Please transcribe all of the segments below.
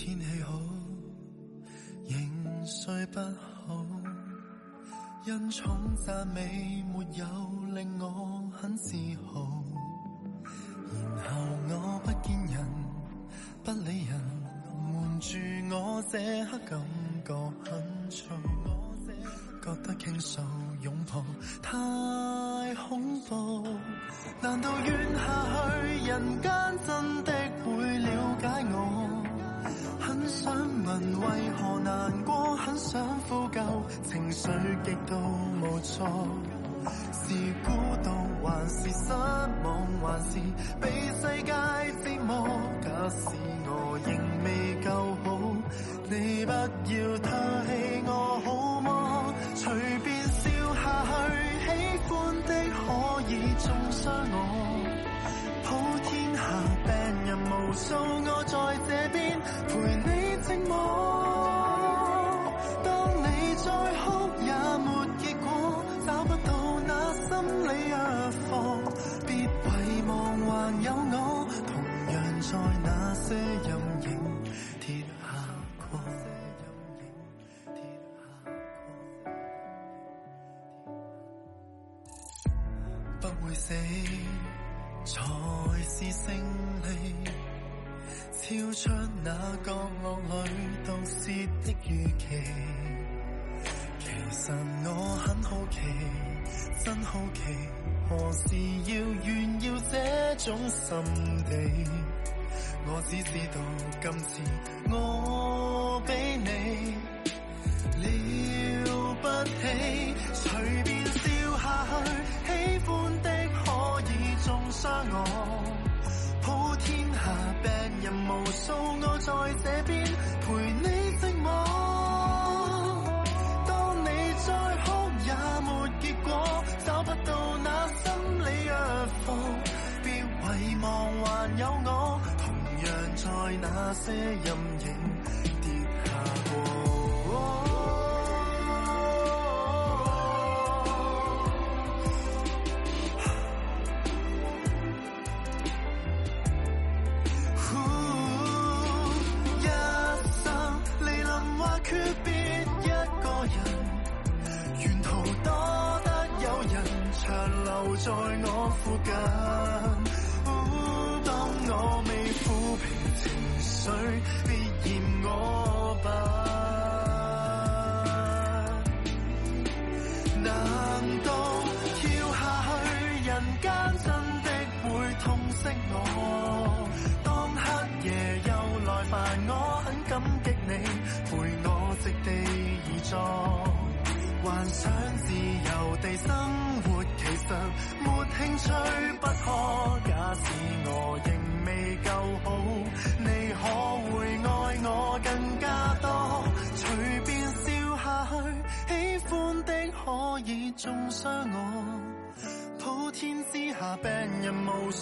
天氣好，仍睡不好。因寵讚美沒有令我很自豪。然後我不見人，不理人，瞞住我這刻感覺很糟。我這 覺得牽手擁抱太恐怖。難道怨下去，人間真的會了解我？很想問為何難過，很想呼救，情緒極度無助。是孤獨，還是失望，還是被世界折磨？假使我仍未夠好，你不要太氣，我好嗎？隨便笑下去，喜歡的可以中傷我。抱。病人無數，我在這邊陪你寂寞。當你再哭也沒結果，找不到那心理一方，別遺忘還有我，同樣在那些陰影跌下過，不會死。才是勝利，跳出那角落裏斷線的預期。其實我很好奇，真好奇，何時要炫耀這種心地？我只知道，今次我畀你了不起，隨便笑下去，喜歡。傷我，普天下病人無數，我在這邊陪你寂寞。當你再哭也沒結果，找不到那心理藥房，別遺忘還有我，同樣在那些陰影跌下過。決別一個人，沿途多得有人長留在我附近。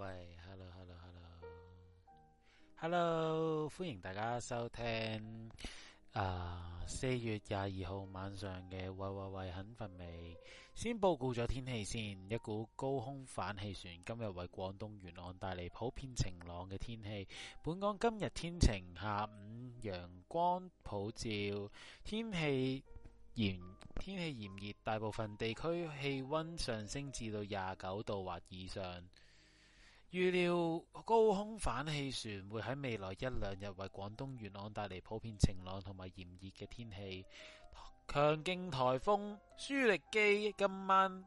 喂，hello，hello，hello，hello，hello, hello. Hello, 歡迎大家收聽啊，四月廿二號晚上嘅喂喂喂肯瞓未。先報告咗天氣先，一股高空反氣旋今日為廣東沿岸帶嚟普遍晴朗嘅天氣。本港今日天晴，下午陽光普照，天氣炎，天氣炎熱，大部分地區氣溫上升至到廿九度或以上。預料高空反氣旋會喺未來一兩日為廣東元朗帶嚟普遍晴朗同埋炎熱嘅天氣。強勁台風舒力基今晚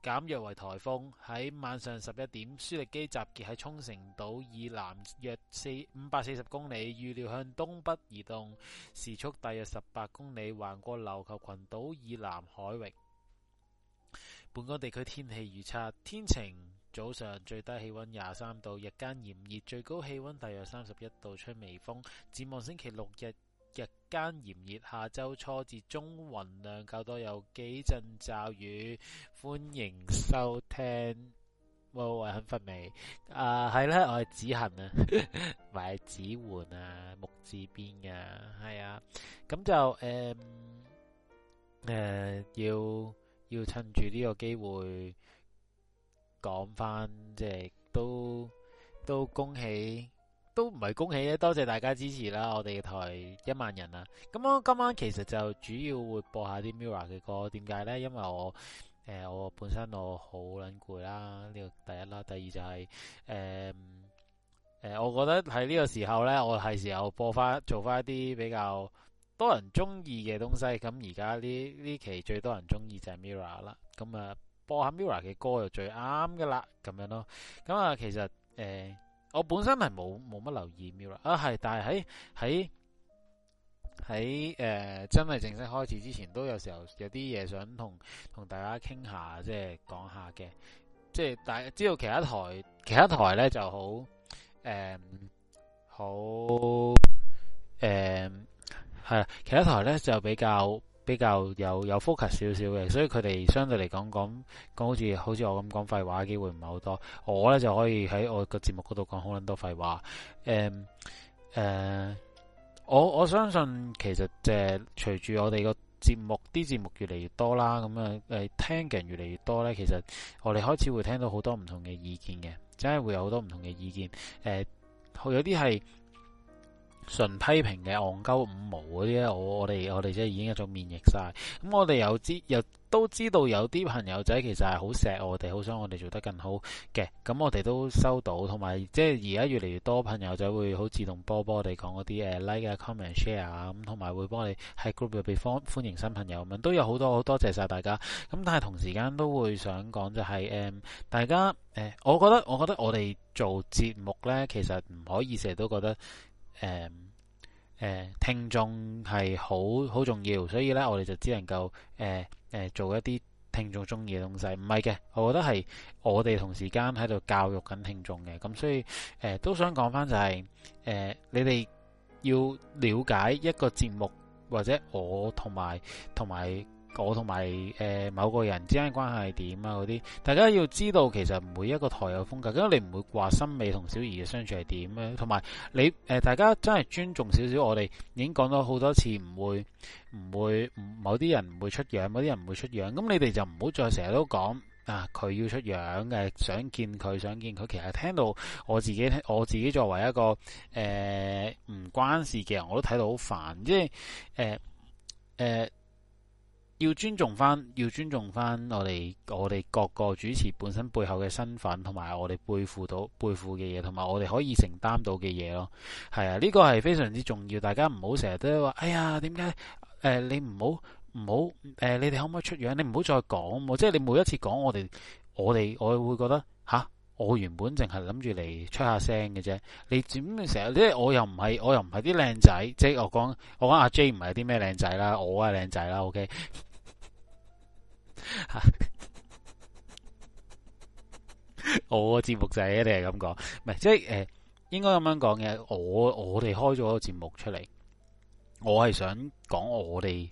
減弱為台風，喺晚上十一點，舒力基集結喺沖繩島以南約四五百四十公里，預料向東北移動，時速大約十八公里，橫過琉球群島以南海域。本港地區天氣預測：天晴。早上最低氣溫廿三度，日間炎熱，最高氣溫大約三十一度，吹微風。展望星期六日日間炎熱，下周初至中雲量較多，有幾陣驟雨。歡迎收聽。喂喂喂肯瞓未。啊，係咧，我係子恒啊，埋子桓啊，木字邊啊。係啊，咁就誒誒、呃呃，要要趁住呢個機會。講翻即係都都恭喜，都唔係恭喜咧，多謝大家支持啦！我哋台一萬人啊，咁我今晚其實就主要會播下啲 Mirror 嘅歌，點解咧？因為我誒我本身我好撚攰啦，呢個第一啦，第二就係誒誒，我覺得喺呢個時候咧，我係時候播翻做翻一啲比較多人中意嘅東西。咁而家呢呢期最多人中意就係 Mirror 啦，咁啊。播下 MIRROR 嘅歌就最啱噶啦，咁樣咯。咁啊，其實誒、呃，我本身係冇冇乜留意 MIRROR 啊，係，但係喺喺喺誒，真係正式開始之前，都有時候有啲嘢想同同大家傾下，即係講下嘅。即係大家知道其他台，其他台其他台咧就好誒，好誒係，其他台咧就比較。比較有有 focus 少少嘅，所以佢哋相對嚟講講講好似好似我咁講廢話嘅機會唔係好多。我呢就可以喺我個節目嗰度講好捻多廢話。誒、嗯、誒、嗯，我我相信其實誒，隨住我哋個節目啲節目越嚟越多啦，咁啊誒，聽嘅人越嚟越多呢，其實我哋開始會聽到好多唔同嘅意見嘅，真係會有好多唔同嘅意見。誒、嗯，有啲係。純批評嘅戇鳩五毛嗰啲咧，我我哋我哋即係已經一種免疫晒。咁我哋有知又都知道有啲朋友仔其實係好錫我哋，好想我哋做得更好嘅。咁我哋都收到，同埋即係而家越嚟越多朋友仔會好自動波波地講嗰啲 like、啊、comment share 啊咁，同埋會幫你喺 group 入邊歡迎新朋友咁。都有好多好多謝晒大家。咁但係同時間都會想講就係、是嗯、大家、嗯、我，覺我覺得我覺得我哋做節目咧，其實唔可以成日都覺得。誒誒，聽眾係好好重要，所以咧我哋就只能夠誒誒、呃呃、做一啲聽眾中意嘅東西。唔係嘅，我覺得係我哋同時間喺度教育緊聽眾嘅，咁所以誒、呃、都想講翻就係、是、誒、呃、你哋要了解一個節目或者我同埋同埋。我同埋誒某個人之間關係係點啊，嗰啲，大家要知道其實每一個台有風格，咁你唔會話森美同小儀嘅相處係點咧。同埋你誒、呃，大家真係尊重少少，我哋已經講咗好多次，唔會唔會某啲人唔會出樣，某啲人唔會出樣。咁你哋就唔好再成日都講啊，佢要出樣嘅，想見佢，想見佢。其實聽到我自己，我自己作為一個誒唔、呃、關事嘅人，我都睇到好煩，即係誒誒。呃呃要尊重翻，要尊重翻我哋我哋各個主持本身背後嘅身份，同埋我哋背負到背負嘅嘢，同埋我哋可以承擔到嘅嘢咯。係啊，呢、這個係非常之重要。大家唔好成日都話，哎呀，點解？誒、呃，你唔好唔好，誒、呃，你哋可唔可以出樣？你唔好再講，即係你每一次講我哋，我哋我會覺得吓、啊，我原本淨係諗住嚟出下聲嘅啫。你點成日即係我又唔係我又唔係啲靚仔，即係我講我講阿 J 唔係啲咩靚仔啦，我係靚仔啦，OK。吓、 呃！我個節目就一定你係咁講，唔係即係誒，應該咁樣講嘅。我我哋開咗個節目出嚟，我係想講我哋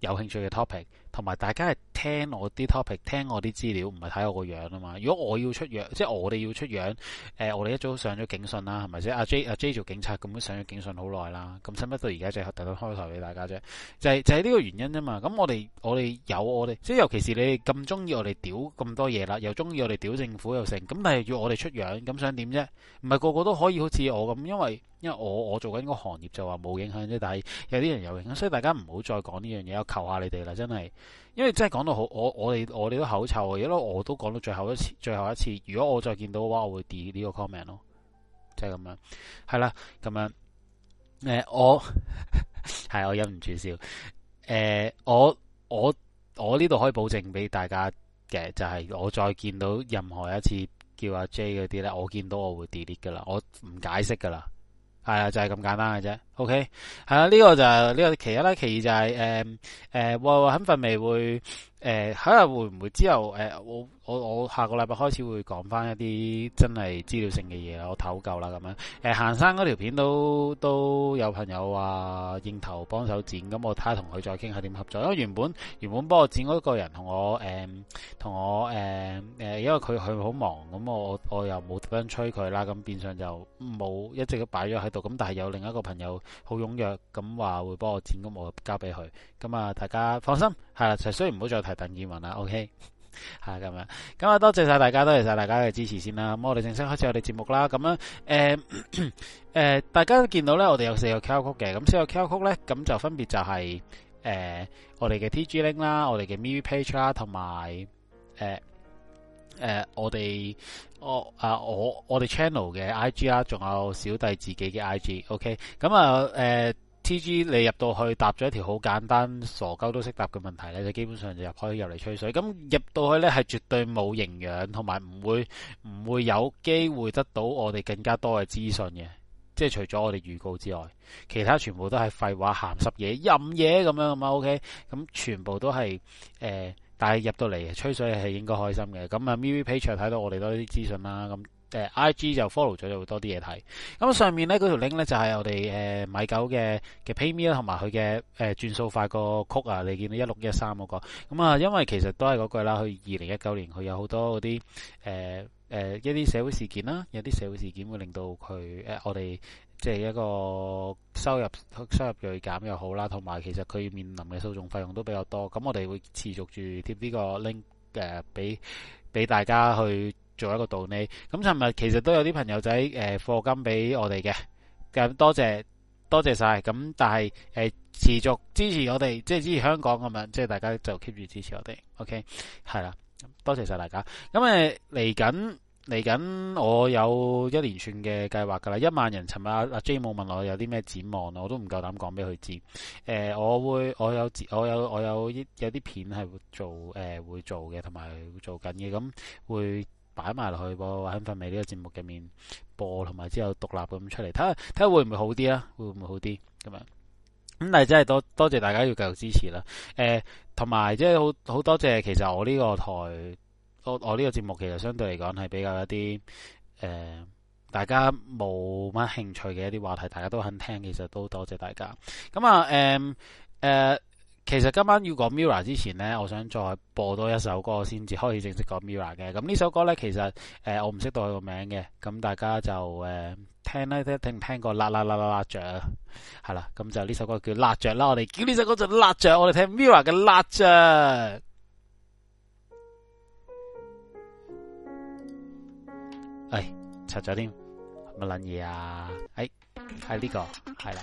有興趣嘅 topic。同埋大家係聽我啲 topic，聽我啲資料，唔係睇我個樣啊嘛。如果我要出樣，即係我哋要出樣，誒、呃，我哋一早上咗警訊啦，係咪先？阿、啊、J 阿、啊、J 做警察，咁都上咗警訊好耐啦。咁使乜到而家就特登開台俾大家啫？就係、是、就係、是、呢個原因啫嘛。咁我哋我哋有我哋，即係尤其是你咁中意我哋屌咁多嘢啦，又中意我哋屌政府又成。咁但係要我哋出樣，咁想點啫？唔係個個都可以好似我咁，因為因為我我做緊個行業就話冇影響啫。但係有啲人有影響，所以大家唔好再講呢樣嘢，我求下你哋啦，真係。因為真係講到好，我我哋我哋都口臭，因為我都講到最後一次，最後一次，如果我再見到，嘅話，我會 delete 呢個 comment 咯，即係咁樣，係啦，咁樣，誒、呃，我係 我忍唔住笑，誒、呃，我我我呢度可以保證俾大家嘅就係、是、我再見到任何一次叫阿 J 嗰啲咧，我見到我會 delete 噶啦，我唔解釋噶啦。係啊，就係、是、咁簡單嘅啫。OK，係啦，呢個就係、是、呢、這個其一啦，其二就係誒誒，會唔會乏味會？誒，睇下、哎、會唔會之後誒、呃，我我我下個禮拜開始會講翻一啲真係資料性嘅嘢，我唞夠啦咁樣。誒、呃，行山嗰條片都都有朋友話認頭幫手剪，咁我睇下同佢再傾下點合作。因為原本原本幫我剪嗰個人同我誒，同、欸、我誒誒、欸，因為佢佢好忙，咁我我又冇點樣催佢啦，咁變相就冇，一直都擺咗喺度。咁但係有另一個朋友好踴躍，咁話會幫我剪，咁我交俾佢。咁啊，大家放心。係啦，就雖然唔好再提鄧健文啦，OK，係 咁樣。咁啊，多謝晒大家，多謝晒大家嘅支持先啦。咁我哋正式開始我哋節目啦。咁樣，誒、呃、誒、呃，大家見到咧，我哋有四個 Q R 曲嘅。咁四個 Q R 曲咧，咁就分別就係、是、誒、呃、我哋嘅 T G link 啦，我哋嘅 m V page 啦，同埋誒誒我哋我啊我我哋 channel 嘅 I G 啦，仲有小弟自己嘅 I G。OK，咁啊誒。C.G. 你入到去答咗一條好簡單、傻鳩都識答嘅問題咧，就基本上就入可以入嚟吹水。咁入到去咧係絕對冇營養，同埋唔會唔會有機會得到我哋更加多嘅資訊嘅，即係除咗我哋預告之外，其他全部都係廢話鹹濕嘢、淫嘢咁樣咁 O.K. 咁全部都係誒、呃，但係入到嚟吹水係應該開心嘅。咁啊，M.V.P. 場睇到我哋多啲資訊啦咁。誒、呃、，I G 就 follow 咗就會多啲嘢睇。咁上面咧嗰條 link 咧就係、是、我哋誒米狗嘅嘅 PayMe 啦，同埋佢嘅誒轉數快個曲啊。呃、code, 你見到一六一三嗰個。咁、嗯、啊，因為其實都係嗰句啦，佢二零一九年佢有好多嗰啲誒誒一啲社會事件啦，有啲社會事件會令到佢誒、呃、我哋即係一個收入收入銳減又好啦，同埋其實佢面臨嘅訴訟費用都比較多。咁我哋會持續住貼呢個 link 誒俾俾大家去。做一個道理，咁尋日其實都有啲朋友仔誒，課金俾我哋嘅，咁多謝多謝晒，咁但係誒、呃、持續支持我哋，即係支持香港咁樣，即係大家就 keep 住支持我哋，OK 係啦，多謝晒大家。咁誒嚟緊嚟緊，我有一連串嘅計劃噶啦，一萬人。尋日阿阿 J 冇問我有啲咩展望啊，我都唔夠膽講俾佢知。誒、呃，我會我有我有我有啲有啲片係會做誒、呃、會做嘅，同埋會做緊嘅，咁會。擺埋落去喎，喺《份美》呢個節目入面播，同埋之後獨立咁出嚟睇下，睇下會唔會好啲啊？會唔會好啲咁樣？咁但係真係多多謝大家要繼續支持啦。誒、呃，同埋即係好好多謝，其實我呢個台，我我呢個節目其實相對嚟講係比較一啲誒、呃，大家冇乜興趣嘅一啲話題，大家都肯聽，其實都多謝大家。咁啊，誒、嗯、誒。嗯其實今晚要講 m i r r o r 之前呢，我想再播多一首歌先至開始正式講 m i r r o r 嘅。咁呢首歌咧，其實誒、呃、我唔識到佢個名嘅，咁大家就誒、呃、聽咧聽聽唔聽過啦啦啦啦雀啊，係啦，咁就呢首歌叫《蠟雀》啦。我哋叫呢首歌就是《蠟雀》，我哋聽 m i r r o r 嘅《蠟雀》。唉、哎，擦咗添，乜撚嘢啊？哎，係呢、這個，係啦。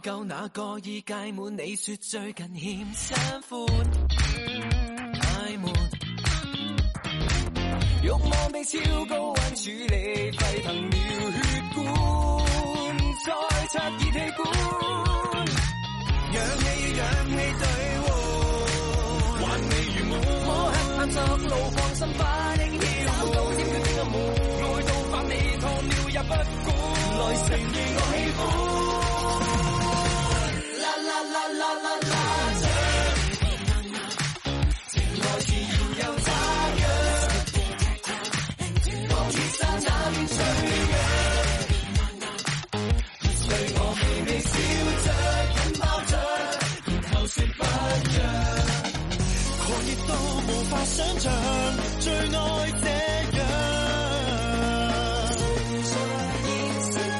夠那個意界滿，你說最近欠心寬，太悶。欲望被超高溫處理，沸騰了血管，再插熱氣管，氧氣，與氧氣對換，還未完滿。摸黑探着路，放心把應腰搞到天亮的暗夢，愛到把你燙了也不管，來誰與我戲玩？想像最愛這樣有，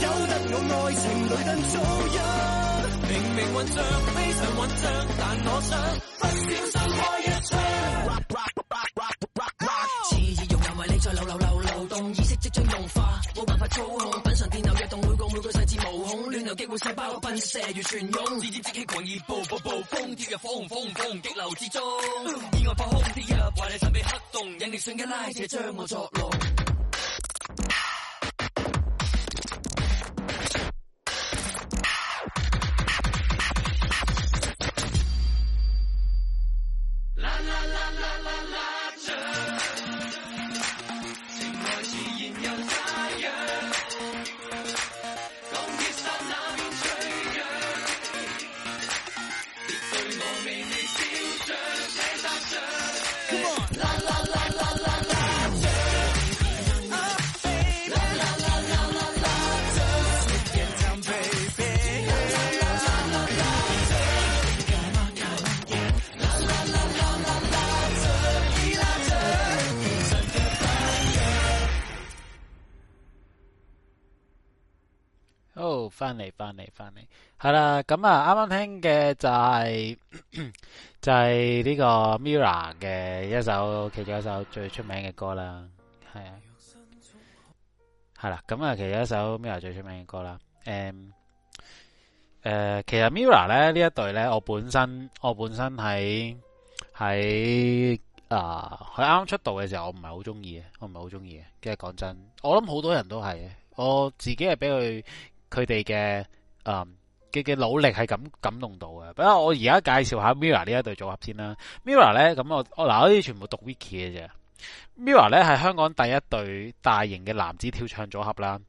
有得有愛情，路人早暗。明明幻象，非常幻象，但我想不小心花一槍。奔射如旋湧，自知自己狂熱暴暴暴風，跌入火紅火紅火紅激流之中。意外爆空，跌入華麗神秘黑洞，引力瞬間拉扯將我捉弄。La la la la la la。翻嚟，翻嚟，翻嚟，係啦。咁啊，啱啱聽嘅就係、是、就係、是、呢個 MIRROR 嘅一首，其中一首最出名嘅歌啦。係啊，係啦。咁啊，其中一首 MIRROR 最出名嘅歌啦。誒、嗯、誒、呃，其實 MIRROR 咧呢一隊咧，我本身我本身喺喺啊，佢啱啱出道嘅時候，我唔係好中意嘅，我唔係好中意嘅。即係講真，我諗好多人都係嘅。我自己係俾佢。佢哋嘅，嗯，嘅嘅努力係感感動到嘅。不過，我而家介紹下 MIRROR 呢一隊組合先啦。MIRROR 咧，咁我，我嗱，好似全部讀 Wiki 嘅啫。MIRROR 咧，係香港第一隊大型嘅男子跳唱組合啦。誒、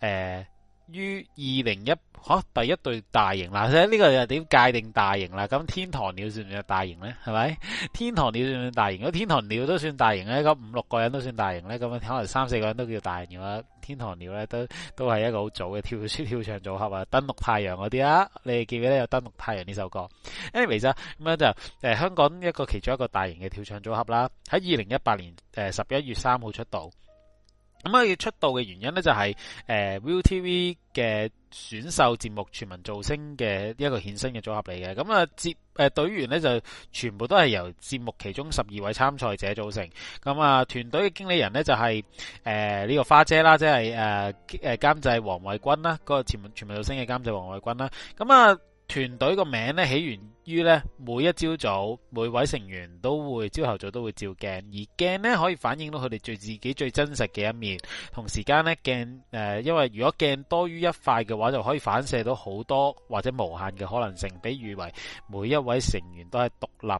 欸。於二零一嚇第一對大型啦，咁、啊、呢、呢個又點界定大型啦？咁天堂鳥算唔算大型呢？係咪天堂鳥算唔算大型？如果天堂鳥都算大型呢。咁五六個人都算大型呢。咁可能三四個人都叫大型啦。天堂鳥呢，都都係一個好早嘅跳跳唱組合啊，登陸太陽嗰啲啊，你記唔記得有登陸太陽呢首歌？anyways 咁樣就誒、呃、香港一個其中一個大型嘅跳唱組合啦，喺二零一八年誒十一月三號出道。咁啊，要出道嘅原因呢，就係誒，Viu TV 嘅選秀節目《全民造星》嘅一個衍生嘅組合嚟嘅。咁啊，接誒、隊、呃、員咧就全部都係由節目其中十二位參賽者組成。咁啊，團隊嘅經理人呢、就是，就係誒呢個花姐啦，即係誒誒監製黃慧君啦，嗰個全民全民造星嘅監製黃慧君啦。咁啊。呃團隊個名咧起源於咧，每一朝早每位成員都會朝頭早都會照鏡，而鏡咧可以反映到佢哋最自己最真實嘅一面。同時間咧鏡、呃、因為如果鏡多於一塊嘅話，就可以反射到好多或者無限嘅可能性。比喻為每一位成員都係獨立，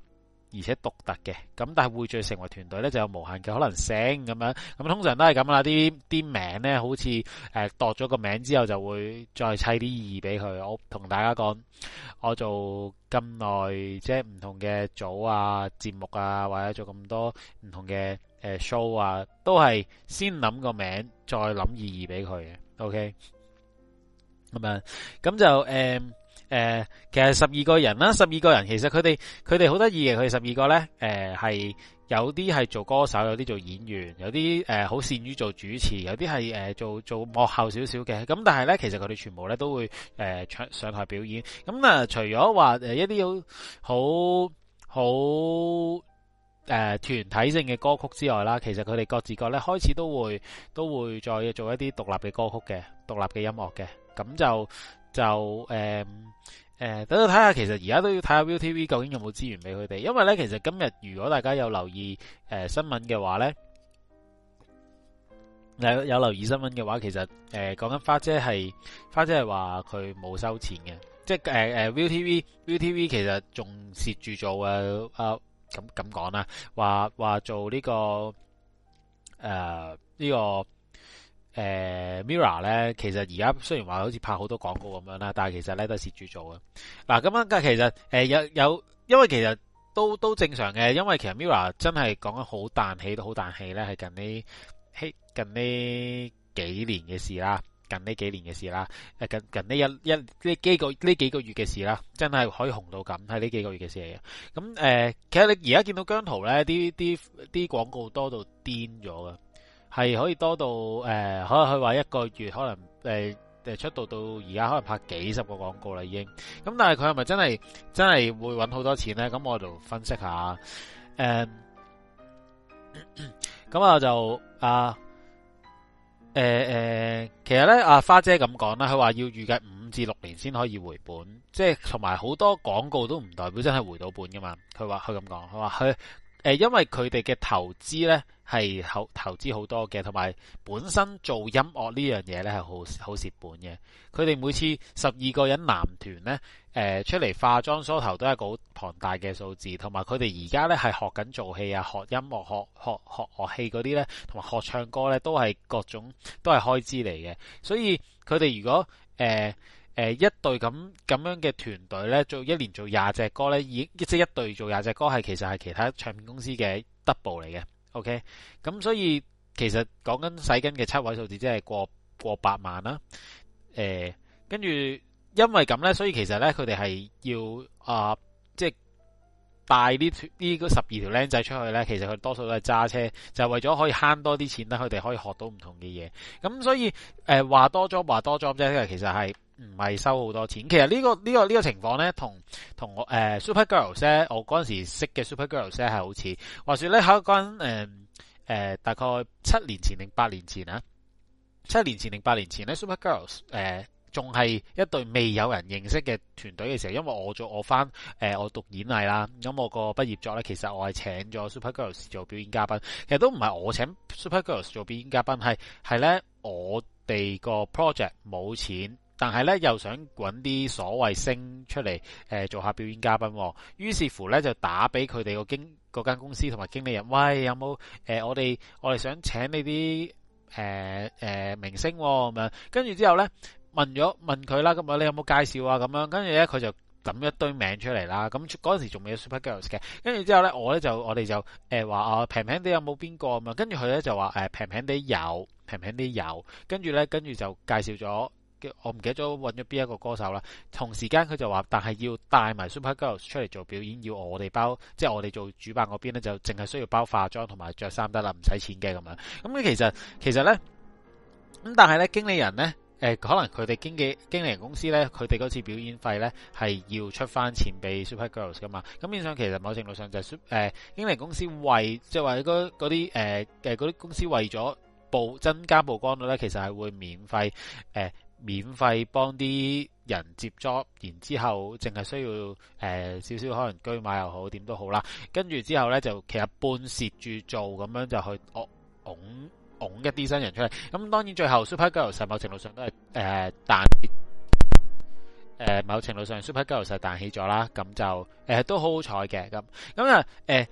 而且獨特嘅，咁但係匯聚成為團隊咧，就有無限嘅可能性咁樣。咁通常都係咁啦，啲啲名咧，好似誒度咗個名之後，就會再砌啲意義俾佢。我同大家講，我做咁耐，即係唔同嘅組啊、節目啊，或者做咁多唔同嘅誒 show 啊，都係先諗個名，再諗意義俾佢嘅。OK，咁樣咁就誒。誒、呃，其實十二個人啦，十二個人其實佢哋佢哋好得意嘅，佢哋十二個呢，誒、呃、係有啲係做歌手，有啲做演員，有啲誒好善於做主持，有啲係誒做做幕後少少嘅。咁但係呢，其實佢哋全部呢都會誒、呃、上上台表演。咁啊，除咗話誒一啲好好好誒團體性嘅歌曲之外啦，其實佢哋各自各呢開始都會都會再做一啲獨立嘅歌曲嘅，獨立嘅音樂嘅，咁就。就誒誒、嗯呃，等到睇下，其實而家都要睇下 ViuTV 究竟有冇資源俾佢哋。因為咧，其實今日如果大家有留意誒、呃、新聞嘅話咧、呃，有留意新聞嘅話，其實誒講緊花姐係花姐係話佢冇收錢嘅，即係誒誒 ViuTV ViuTV 其實仲蝕住做嘅、呃、啊咁咁講啦，話話做呢個誒呢個。呃這個誒、uh, Mira 咧，其實而家雖然話好似拍好多廣告咁樣啦，但係其實咧都係蝕住做嘅。嗱，咁樣其實誒、呃、有有，因為其實都都正常嘅。因為其實 Mira 真係講得好彈氣都好彈氣咧，係近呢近呢幾年嘅事啦，近呢幾年嘅事啦，誒近近呢一一呢幾個呢幾個月嘅事啦，真係可以紅到咁係呢幾個月嘅事嚟嘅。咁誒、呃，其實你而家見到姜濤咧，啲啲啲廣告多到癲咗嘅。係可以多到誒，可能佢話一個月可能誒誒、呃、出道到而家可能拍幾十個廣告啦已經，咁但係佢係咪真係真係會揾好多錢呢？咁我就分析下，誒、呃，咁啊 就啊，誒、呃、誒、呃，其實呢，阿花姐咁講啦，佢話要預計五至六年先可以回本，即係同埋好多廣告都唔代表真係回到本噶嘛。佢話佢咁講，佢話佢誒，因為佢哋嘅投資呢。係投投資好多嘅，同埋本身做音樂呢樣嘢呢係好好蝕本嘅。佢哋每次十二個人男團呢，誒、呃、出嚟化妝梳頭都係一個好龐大嘅數字。同埋佢哋而家呢係學緊做戲啊，學音樂、學學學樂器嗰啲呢，同埋學唱歌呢都係各種都係開支嚟嘅。所以佢哋如果誒誒、呃呃、一隊咁咁樣嘅團隊呢，做一年做廿隻歌呢，已即係一隊、就是、做廿隻歌，係其實係其他唱片公司嘅 double 嚟嘅。OK，咁所以其實講緊使緊嘅七位數字，即係過過百萬啦。誒、呃，跟住因為咁咧，所以其實咧，佢哋係要啊、呃，即係帶啲啲十二條僆仔出去咧。其實佢多數都係揸車，就係、為咗可以慳多啲錢啦。佢哋可以學到唔同嘅嘢。咁所以話、呃、多咗話多咗啫、就是，其實係。唔係收好多錢，其實呢個呢個呢個情況咧，同同我誒、呃、Super Girls 咧，我嗰陣時識嘅 Super Girls 係好似話說咧，喺一陣誒誒大概七年前定八年前啊，七年前定八年前咧，Super Girls 誒、呃、仲係一隊未有人認識嘅團隊嘅時候，因為我做我翻誒、呃、我讀演藝啦，咁我個畢業作咧，其實我係請咗 Super Girls 做表演嘉賓，其實都唔係我請 Super Girls 做表演嘉賓，係係咧，我哋個 project 冇錢。但係咧，又想揾啲所謂星出嚟，呃，做下表演嘉賓，哦。於是乎咧，就打俾佢哋個經嗰間公司同埋經理人，喂有冇，呃、我哋我哋想請你啲誒誒明星咁，哦、樣。跟住之後咧，問咗問佢啦，咁啊你有冇介紹啊？咁樣跟住咧，佢就揼一堆名出嚟啦。咁嗰陣時仲未有 Super Girls 嘅。跟住之後咧，我咧就我哋就誒話，呃、啊平平哋有冇邊個咁，跟住佢咧就話誒平平哋有平平哋有，跟住咧跟住就介紹咗。我唔記得咗揾咗邊一個歌手啦。同時間佢就話，但係要帶埋 Super Girls 出嚟做表演，要我哋包，即係我哋做主辦嗰邊咧，就淨係需要包化妝同埋着衫得啦，唔使錢嘅咁樣。咁其實其實咧，咁但係咧，經理人咧、呃，可能佢哋經紀經理人公司咧，佢哋嗰次表演費咧係要出翻錢俾 Super Girls 噶嘛。咁變相其實某程度上就係、是呃、經理人公司為即係話嗰嗰啲嗰啲公司為咗曝增加曝光率咧，其實係會免費誒。呃免費幫啲人接觸，然之後淨係需要誒、呃、少少可能居買又好點都好啦，跟住之後咧就其實半蝕住做咁樣就去拱拱一啲新人出嚟。咁、嗯、當然最後 Super Girls，某程度上都係誒彈某程度上 Super Girls 彈起咗啦。咁就誒、呃、都好好彩嘅咁。咁啊誒，咁、呃呃、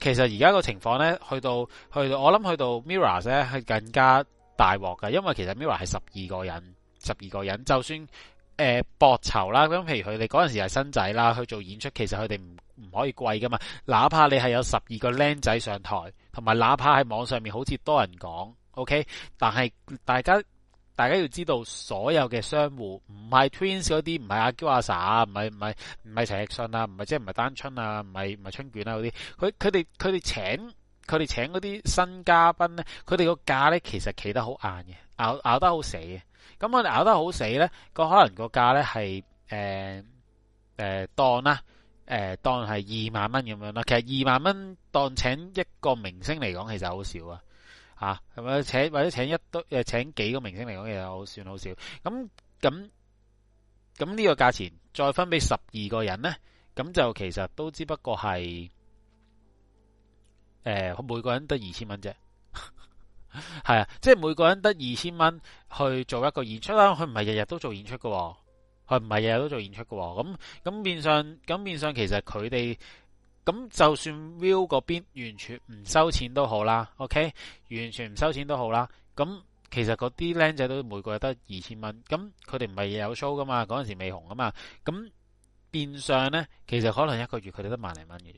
其實而家個情況咧，去到去到我諗去到 Mirror 咧係更加大鑊㗎，因為其實 Mirror 係十二個人。十二個人，就算誒搏酬啦。咁譬如佢哋嗰陣時係新仔啦，去做演出，其實佢哋唔唔可以貴噶嘛。哪怕你係有十二個靚仔上台，同埋哪怕喺網上面好似多人講，OK。但係大家大家要知道，所有嘅商戶唔係 Twins 嗰啲，唔係阿嬌阿 Sa 啊，唔係唔係唔係陳奕迅啊，唔係即係唔係單春啊，唔係唔係春卷啊嗰啲。佢佢哋佢哋請佢哋請嗰啲新嘉賓咧，佢哋個價咧其實企得好硬嘅，咬咬得好死嘅。咁我哋拗得好死呢，個可能個價呢係誒誒當啦，誒、呃、當係二萬蚊咁樣啦。其實二萬蚊當請一個明星嚟講，其實好少啊，吓係咪請或者請一堆誒請幾個明星嚟講，其實好算好少。咁咁咁呢個價錢再分俾十二個人呢，咁就其實都只不過係誒、呃、每個人得二千蚊啫。係啊，即係每個人得二千蚊去做一個演出啦。佢唔係日日都做演出噶，佢唔係日日都做演出噶。咁咁變相，咁變相其實佢哋咁就算 Will 嗰邊完全唔收錢都好啦，OK，完全唔收錢都好啦。咁其實嗰啲僆仔都每個得二千蚊，咁佢哋唔係有 show 噶嘛，嗰陣時未紅啊嘛，咁變相呢，其實可能一個月佢哋得萬零蚊嘅。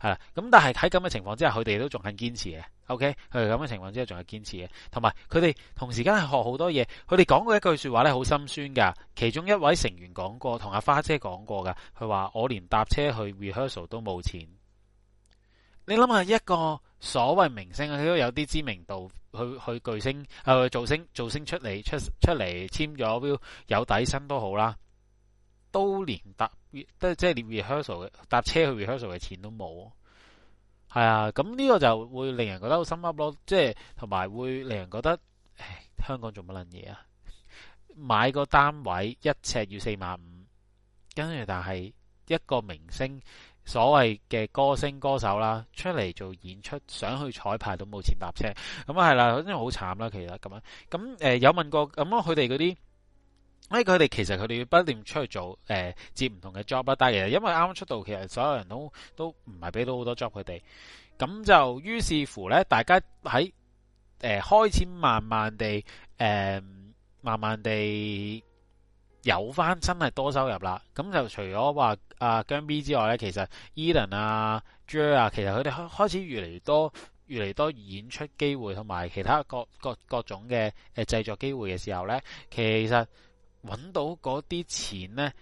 係咁，但係喺咁嘅情況之下，佢哋都仲肯堅持嘅。OK，佢哋咁嘅情況之下仲係堅持嘅，同埋佢哋同時間係學好多嘢。佢哋講過一句說話咧，好心酸噶。其中一位成員講過，同阿花姐講過噶，佢話我連搭車去 rehearsal 都冇錢。你諗下，一個所謂明星佢都有啲知名度，去去巨星啊造、呃、星造星出嚟出出嚟簽咗 bill 有底薪都好啦，都連搭。即係去 rehearsal 嘅，搭車去 rehearsal 嘅錢都冇，係啊，咁呢個就會令人覺得好心噏咯，即係同埋會令人覺得，唉，香港做乜撚嘢啊？買個單位一尺要四萬五，跟住但係一個明星，所謂嘅歌星歌手啦，出嚟做演出，想去綵排都冇錢搭車，咁、嗯、啊係啦，真係好慘啦，其實咁樣，咁、嗯、誒、呃、有問過咁啊，佢哋嗰啲。所以佢哋其實佢哋要不斷出去做誒、呃、接唔同嘅 job，但係其實因為啱啱出道，其實所有人都都唔係俾到好多 job 佢哋。咁就於是乎呢，大家喺誒、呃、開始慢慢地誒、呃、慢慢地有翻真係多收入啦。咁就除咗話阿姜 B 之外呢，其實 Edan 啊 Jer 啊，其實佢哋開開始越嚟越多越嚟越多演出機會同埋其他各各各種嘅誒製作機會嘅時候呢，其實。揾到嗰啲錢呢，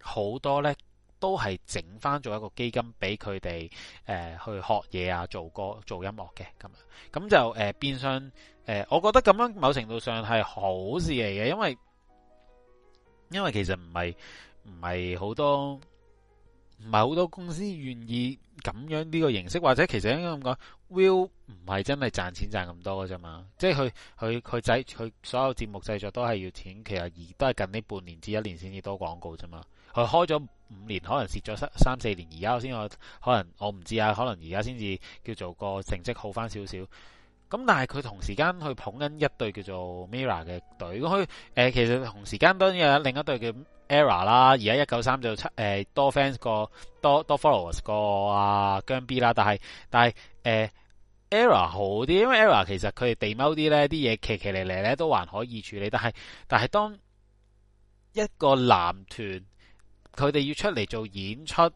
好多呢都係整翻做一個基金俾佢哋誒去學嘢啊，做歌、做音樂嘅咁。咁就變相、呃呃、我覺得咁樣某程度上係好事嚟嘅，因為因為其實唔係唔係好多。唔係好多公司願意咁樣呢個形式，或者其實應該咁講，Will 唔係真係賺錢賺咁多嘅啫嘛，即係佢佢佢製，佢所有節目製作都係要錢，其實而都係近呢半年至一年先至多廣告啫嘛。佢開咗五年，可能蝕咗三三四年，而家先可能我唔知啊，可能而家先至叫做個成績好翻少少。咁但係佢同時間去捧緊一隊叫做 MIRROR 嘅隊，咁佢誒，其實同時間當然又有另一隊嘅。era 啦，而家一九三就出、呃、多 fans 個多多 followers 個啊姜 B 啦，但係但係誒 era 好啲，因為 era 其實佢哋地踎啲咧，啲嘢奇奇嚟嚟咧都還可以處理，但係但係當一個男團佢哋要出嚟做演出。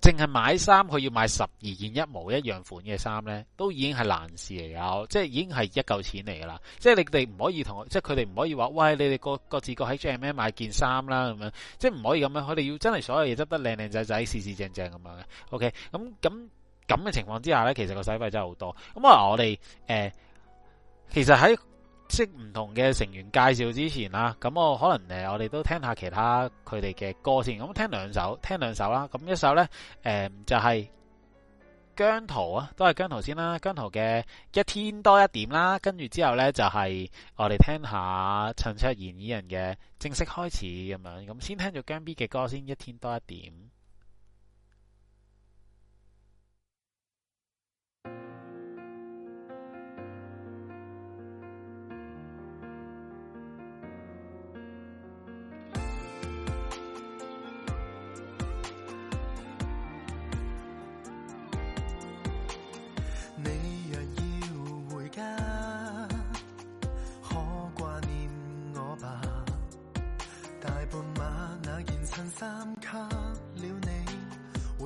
淨係買衫，佢要買十二件一模一樣款嘅衫呢，都已經係難事嚟，有，即係已經係一嚿錢嚟噶啦。即係你哋唔可以同，即係佢哋唔可以話，喂，你哋個個自各喺 J M M 買件衫啦，咁樣，即係唔可以咁樣，佢哋要真係所有嘢執得靚靚仔仔、四四正正咁樣嘅。O K，咁咁咁嘅情況之下呢，其實個使費真係好多。咁啊，我哋誒，其實喺。識唔同嘅成員介紹之前啊，咁我可能誒，我哋都聽下其他佢哋嘅歌先，咁聽兩首，聽兩首啦，咁一首呢，誒、嗯、就係、是、姜濤啊，都係姜濤先啦，姜濤嘅一天多一點啦，跟住之後呢，就係我哋聽下陳卓賢二人嘅正式開始咁樣，咁先聽咗姜 B 嘅歌先，一天多一點。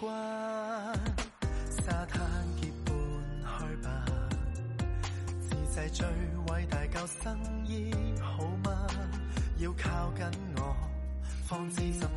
沙灘結伴去吧，自製最偉大救生衣好嗎？要靠近我，放置心。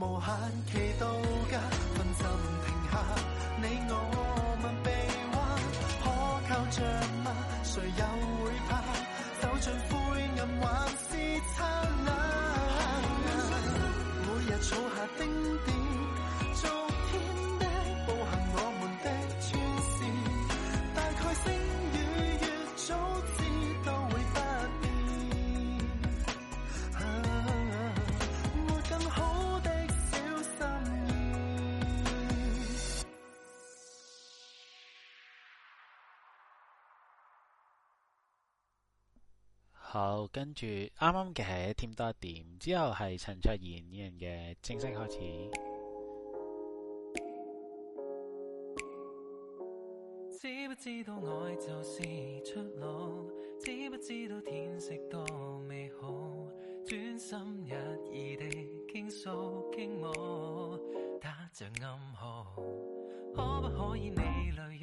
無限期待。好、哦，跟住啱啱嘅係添多一點，之後係陳卓賢呢人嘅正式開始。知不知道愛就是出路？知不知道天色多美好？專心一意地傾訴傾慕，他像暗號。可不可以你來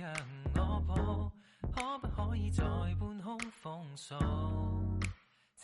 讓我抱？可不可以在半空封鎖？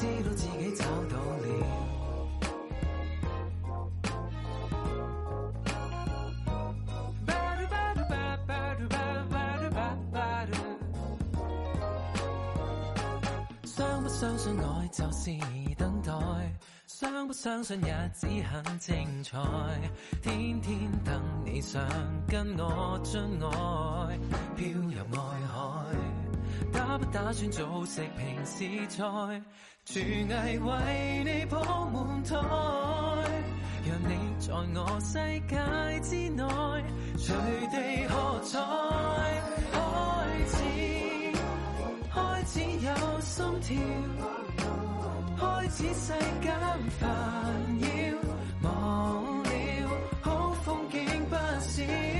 知道自己找到了。相不相信愛就是等待，相不相信日子很精彩，天天等你想跟我進愛，飄入愛海。打不打算做食平時菜？廚藝為你鋪滿台，讓你在我世界之內，隨地喝彩。 開始，開始有心跳，開始世間煩擾，忘了好風景不少。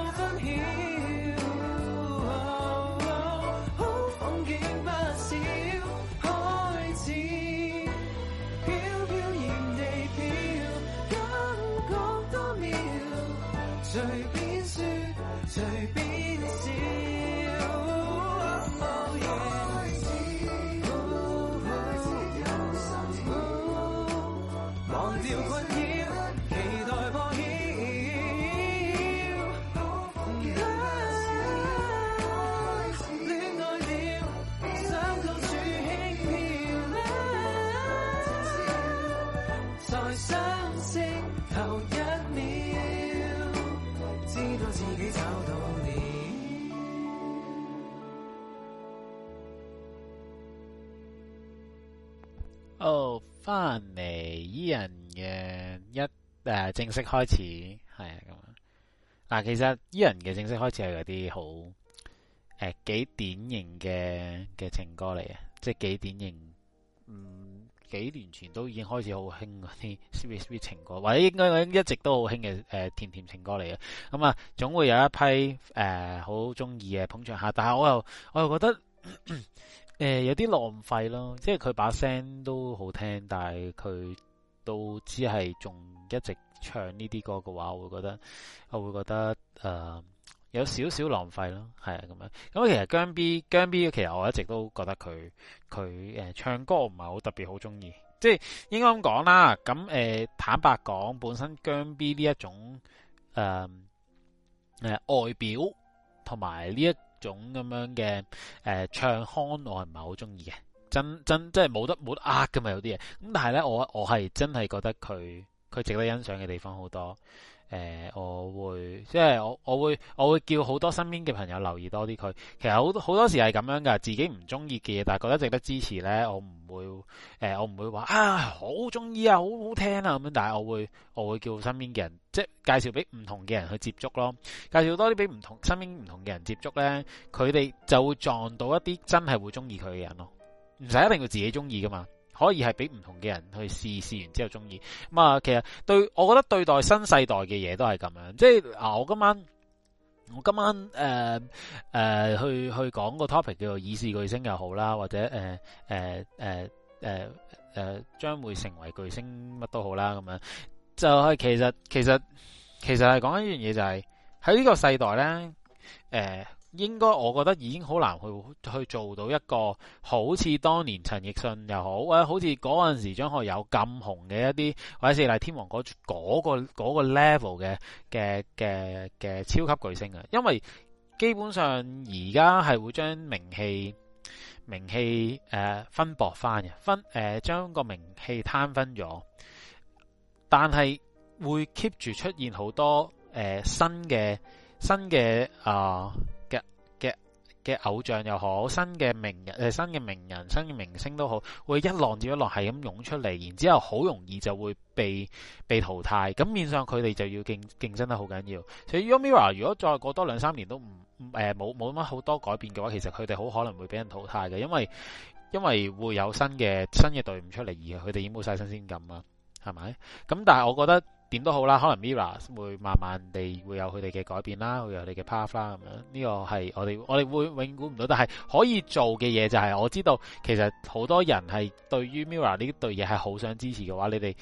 正式開始，係啊咁樣嗱，其實依人嘅正式開始係嗰啲好誒幾典型嘅嘅情歌嚟嘅，即係幾典型。嗯，幾年前都已經開始好興嗰啲 sweet sweet 情歌，或者應該一直都好興嘅誒甜甜情歌嚟嘅。咁啊，總會有一批誒好中意嘅捧場客。但係我又我又覺得誒、呃、有啲浪費咯。即係佢把聲都好聽，但係佢都只係仲一直。唱呢啲歌嘅話，我會覺得我會覺得誒、呃、有少少浪費咯，係啊咁樣。咁其實姜 B 姜 B 其實我一直都覺得佢佢誒唱歌我唔係好特別好中意，即係應該咁講啦。咁誒、呃、坦白講，本身姜 B 呢一種誒誒、呃呃、外表同埋呢一種咁樣嘅誒、呃、唱腔，我係唔係好中意嘅。真真即係冇得冇得呃㗎嘛，有啲嘢。咁但係咧，我我係真係覺得佢。佢值得欣賞嘅地方好多，誒，我會即係我我會我會叫好多身邊嘅朋友留意多啲佢。其實好多好多時係咁樣噶，自己唔中意嘅嘢，但係覺得值得支持呢，我唔會誒，我唔會話啊好中意啊，好好聽啊咁樣。但係我會我會叫身邊嘅人即係介紹俾唔同嘅人去接觸咯，介紹多啲俾唔同身邊唔同嘅人接觸呢，佢哋就會撞到一啲真係會中意佢嘅人咯，唔使一定要自己中意噶嘛。可以係俾唔同嘅人去試，試，試完之後中意。咁啊，其實對我覺得對待新世代嘅嘢都係咁樣。即係啊，我今晚我今晚誒誒、呃呃、去去講個 topic 叫做已是巨星又好啦，或者誒誒誒誒誒將會成為巨星乜都好啦。咁樣就係、是、其實其實其實係講一樣嘢、就是，就係喺呢個世代咧誒。呃應該我覺得已經好難去去做到一個好似當年陳奕迅又好，好似嗰陣時張學友咁紅嘅一啲，或者四大天王嗰、嗰個、嗰個、嗰個 level 嘅嘅嘅嘅超級巨星啊。因為基本上而家係會將名氣名氣誒、呃、分薄翻嘅分誒將、呃、個名氣攤分咗，但係會 keep 住出現好多誒、呃、新嘅新嘅啊。呃嘅偶像又好，新嘅名人誒，新嘅名人、新嘅明星都好，會一浪接一浪係咁湧出嚟，然之後好容易就會被被淘汰。咁面上佢哋就要競競爭得好緊要。所以如果 MIRROR 如果再過多兩三年都唔誒冇冇乜好多改變嘅話，其實佢哋好可能會俾人淘汰嘅，因為因為會有新嘅新嘅隊伍出嚟，而佢哋已經冇晒新鮮感啊，係咪？咁但係我覺得。點都好啦，可能 MIRROR 會慢慢地會有佢哋嘅改變啦，會有佢哋嘅 part 啦咁樣這。呢個係我哋我哋會永估唔到，但係可以做嘅嘢就係我知道其實好多人係對於 MIRROR 呢對嘢係好想支持嘅話，你哋誒、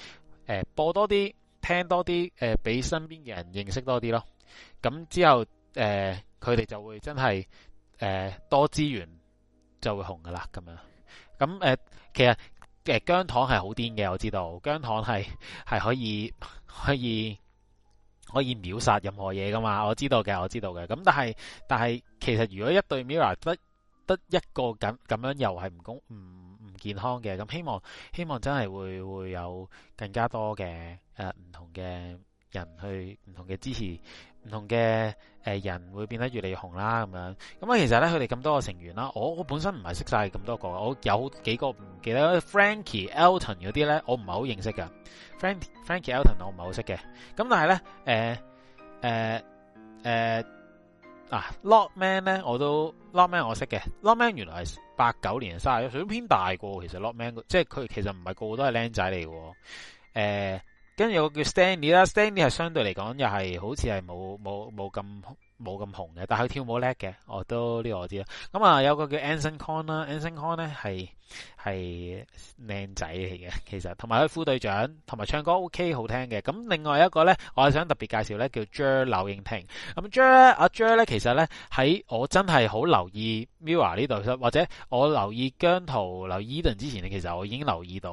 呃、播多啲，聽多啲，誒、呃、俾身邊嘅人認識多啲咯。咁之後佢哋、呃、就會真係、呃、多資源就會紅噶啦咁樣。咁、呃、其實誒、呃、姜糖係好癲嘅，我知道姜糖係係可以。可以可以秒殺任何嘢㗎嘛？我知道嘅，我知道嘅。咁但係但係，其實如果一對 Mirror 得得一個咁咁樣是不，又係唔公唔唔健康嘅。咁希望希望真係會會有更加多嘅誒唔同嘅人去唔同嘅支持。唔同嘅誒人會變得越嚟越紅啦，咁樣咁啊。其實咧，佢哋咁多個成員啦，我我本身唔係識曬咁多個，我有幾個唔記得 Frankie、Elton 嗰啲咧，我唔係好認識嘅。Frankie、Frankie、Elton 我唔係好識嘅。咁但係咧，誒、呃、誒、呃、啊，Lockman 咧我都 Lockman 我識嘅。Lockman 原來係八九年嘅卅一歲，偏大個，其實 Lockman，即係佢其實唔係個個都係靚仔嚟喎。呃跟住有個叫 Stanley 啦，Stanley 係相對嚟講又係好似係冇冇冇咁。冇咁紅嘅，但係佢跳舞叻嘅，我、哦、都呢、這個我知啦。咁、嗯、啊，有個叫 Anson Kong 啦 Anson Kong 咧係係靚仔嚟嘅，其實同埋佢副隊長，同埋唱歌 OK 好聽嘅。咁、嗯、另外一個咧，我係想特別介紹咧，叫 Jer 柳應廷。咁 j r、er, e、啊、阿 Jer、er、咧，其實咧喺我真係好留意 Mirror 呢度，或者我留意姜濤、留意 Eden 之前咧，其實我已經留意到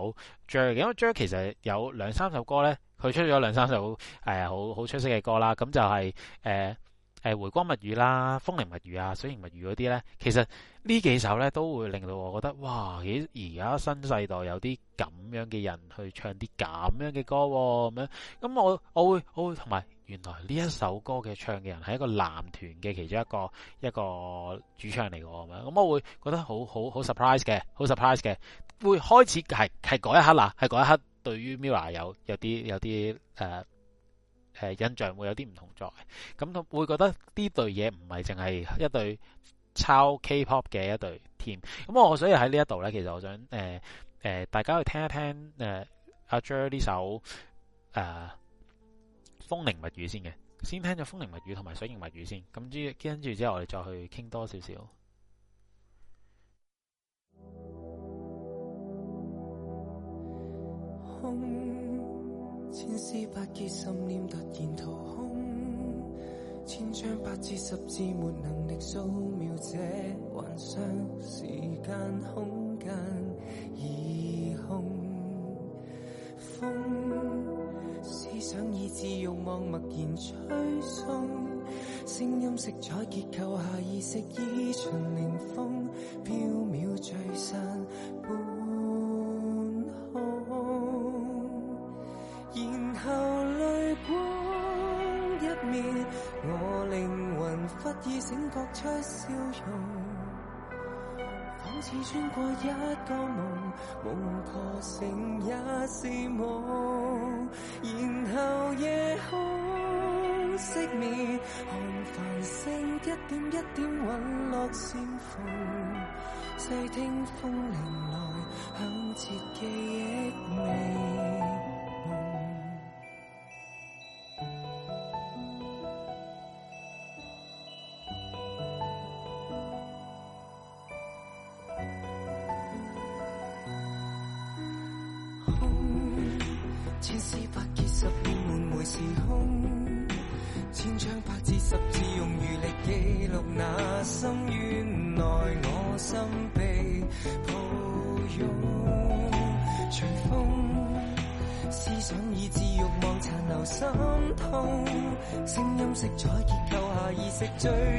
Jer、er、嘅，因為 Jer、er、其實有兩三首歌咧，佢出咗兩三首誒好好出色嘅歌啦。咁、嗯、就係、是呃回光物語啦、啊，風鈴物語啊，水形物語嗰啲咧，其實呢幾首咧都會令到我覺得，哇！而而家新世代有啲咁樣嘅人去唱啲咁樣嘅歌、啊，咁樣咁我我會我會同埋，原來呢一首歌嘅唱嘅人係一個男團嘅其中一個一個主唱嚟㗎，咁樣咁我會覺得好好好 surprise 嘅，好 surprise 嘅，會開始係係嗰一刻啦，係嗰一刻對於 MIRROR 有有啲有啲誒。呃誒、呃、印象會有啲唔同在，咁會覺得呢對嘢唔係淨係一對抄 K-pop 嘅一對 team。咁我所以喺呢一度呢，其實我想誒誒、呃呃、大家去聽一聽誒、呃、阿 Jer 呢首誒、呃《風靈物語》先嘅，先聽咗《風靈物語》同埋《水刑物語》先，咁跟住之後我哋再去傾多少少。嗯千絲百結信念突然掏空，千張百字十字沒能力掃描這幻想時間空間已空。風，思想以至欲望默然吹送，聲音色彩結構下意識依循靈風，飄渺聚散。我靈魂忽爾醒覺出笑容，仿似穿過一個夢，夢破醒也是夢。然後夜空熄滅，看繁星一點一點隕落成灰，細聽風鈴來響徹記憶味。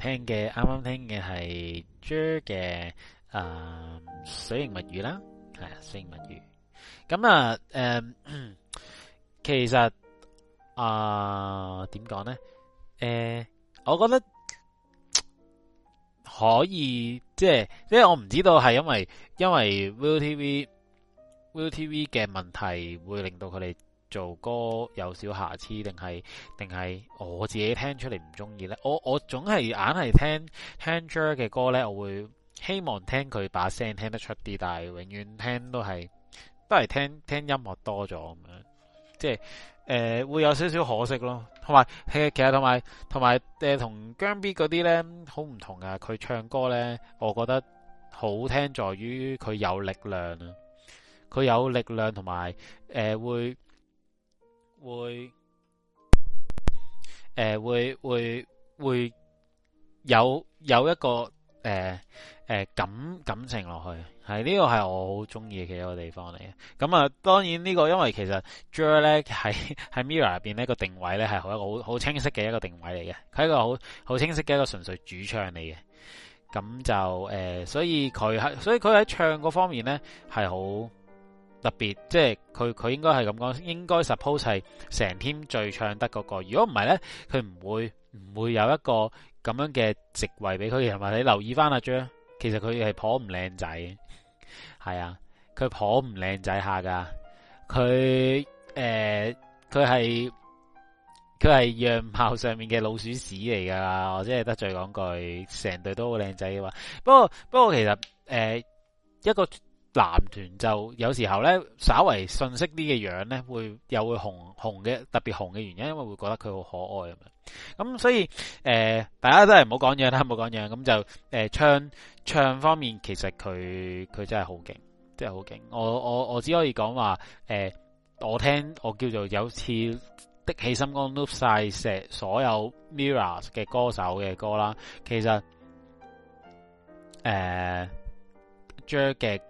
聽嘅啱啱聽嘅係 Jer 嘅，誒，水刑物語啦，係啊，水刑物語。咁啊，誒，其實啊點講呢？誒，我覺得可以即係，即係因為我唔知道係因為因為 ViuTV ViuTV 嘅問題會令到佢哋。做歌有少瑕疵，定係定係我自己聽出嚟唔中意咧？我我總係硬係聽 Jer 嘅歌咧，我會希望聽佢把聲聽得出啲，但係永遠聽都係都係聽聽音樂多咗咁樣，即係誒、呃、會有少少可惜咯。同埋其實其實、呃、同埋同埋誒同姜 B 嗰啲咧好唔同啊，佢唱歌咧，我覺得好聽在於佢有力量啊，佢有力量同埋誒會。會誒，會會會有有一個誒誒、呃呃、感感情落去，係呢、這個係我好中意嘅一個地方嚟嘅。咁啊，當然呢、這個因為其實 Jer 咧喺喺 Mirror 入邊呢個定位咧係好一個好好清晰嘅一個定位嚟嘅，佢係一個好好清晰嘅一個純粹主唱嚟嘅。咁就誒、呃，所以佢係所以佢喺唱方面咧係好。特別即係佢佢應該係咁講，應該 suppose 係成天最唱得嗰個。如果唔係咧，佢唔會唔會有一個咁樣嘅席位俾佢。同埋你留意翻阿張，其實佢係頗唔靚仔，係啊，佢頗唔靚仔下噶。佢誒，佢係佢係樣貌上面嘅老鼠屎嚟噶。我真係得罪講句，成隊都好靚仔嘅話。不過不過其實誒、呃、一個。男團就有時候咧，稍為遜色啲嘅樣咧，會又會紅紅嘅，特別紅嘅原因，因為會覺得佢好可愛咁樣。咁所以誒、呃，大家都係唔好講嘢啦，唔好講嘢。咁就誒、呃，唱唱方面，其實佢佢真係好勁，真係好勁。我我我只可以講話誒，我聽我叫做有次的起心肝碌晒石所有 mirrors 嘅歌手嘅歌啦。其實誒，Jer。呃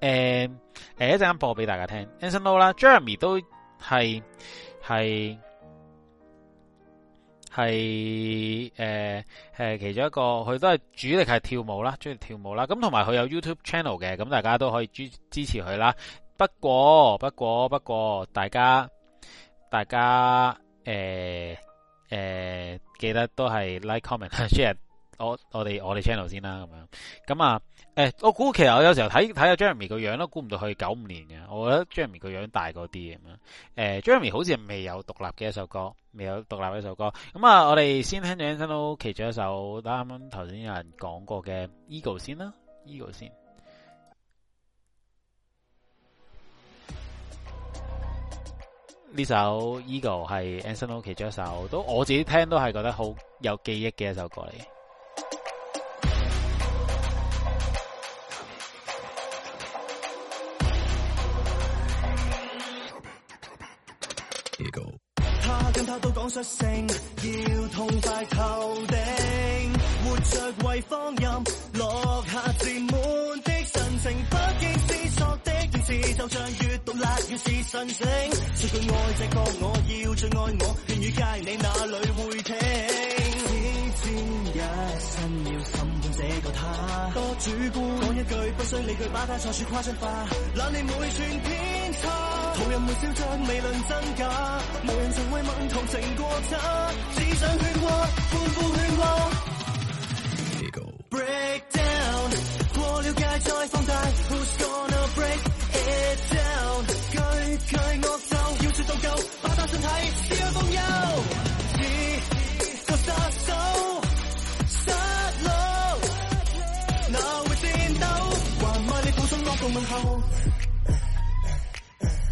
誒誒一陣間播俾大家聽 Anson Lo 啦，Jeremy 都係係係誒誒其中一個，佢都係主力係跳舞啦，中意跳舞啦。咁同埋佢有，有 YouTube channel 嘅，咁大家都可以支支持佢啦。不過不過不過，大家大家誒誒、呃呃、記得都係 like comment share 我我哋我哋 channel 先啦，咁樣咁啊。誒、欸，我估其實我有時候睇睇阿 Jeremy 個樣都估唔到佢九五年嘅。我覺得 Jeremy 個樣大過啲咁樣。誒、欸、，Jeremy 好似未有獨立嘅一首歌，未有獨立嘅一首歌。咁啊，我哋先聽咗 Anson Lo 其中一首，啱啱頭先有人講過嘅、e《Eagle》先啦，《Eagle》先。呢首《Eagle》係 Anson Lo 其中一首，都我自己聽都係覺得好有記憶嘅一首歌嚟。他跟他都講出聲，要痛快頭頂，活着為放任，落下自滿的神情，不經思索的言詞，就像閱讀越越，越是神聖，說句愛這個，我要最愛我，願與界你那裏會聽？指尖一伸要。這個他多主觀，講一句不需理據，把他再說誇張化，懶理每寸偏差。途人沒笑着，未論真假，無人曾慰問，同情過他，只想喧嘩，歡呼喧嘩。you break down，過了界再放大，Who's gonna break it down？句句惡咒要說到夠，把他身體燒光，又是個煞。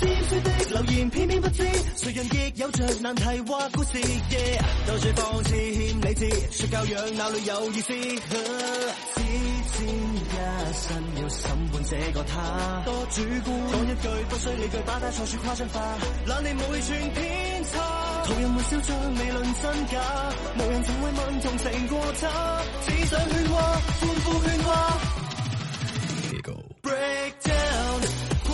尖酸的流言，偏偏不知誰人亦有着難題或故事。嘅。到處放肆欠理智，說教養哪裏有意思？隻身一生要審判這個他，多主觀。講一句不需理據，把他錯處誇張化，懶理每寸偏差。同人微笑，將未論真假，無人曾慰問同情過他，只想喧嘩，歡呼喧嘩。Break down。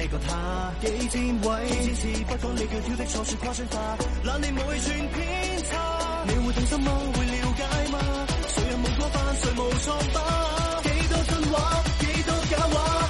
這個他幾千位，幾千次不講理，叫挑的錯說誇張讓你得每寸偏差。你會懂什麼嗎？會了解嗎？誰人無過犯，誰無錯吧？幾多真話，幾多假話。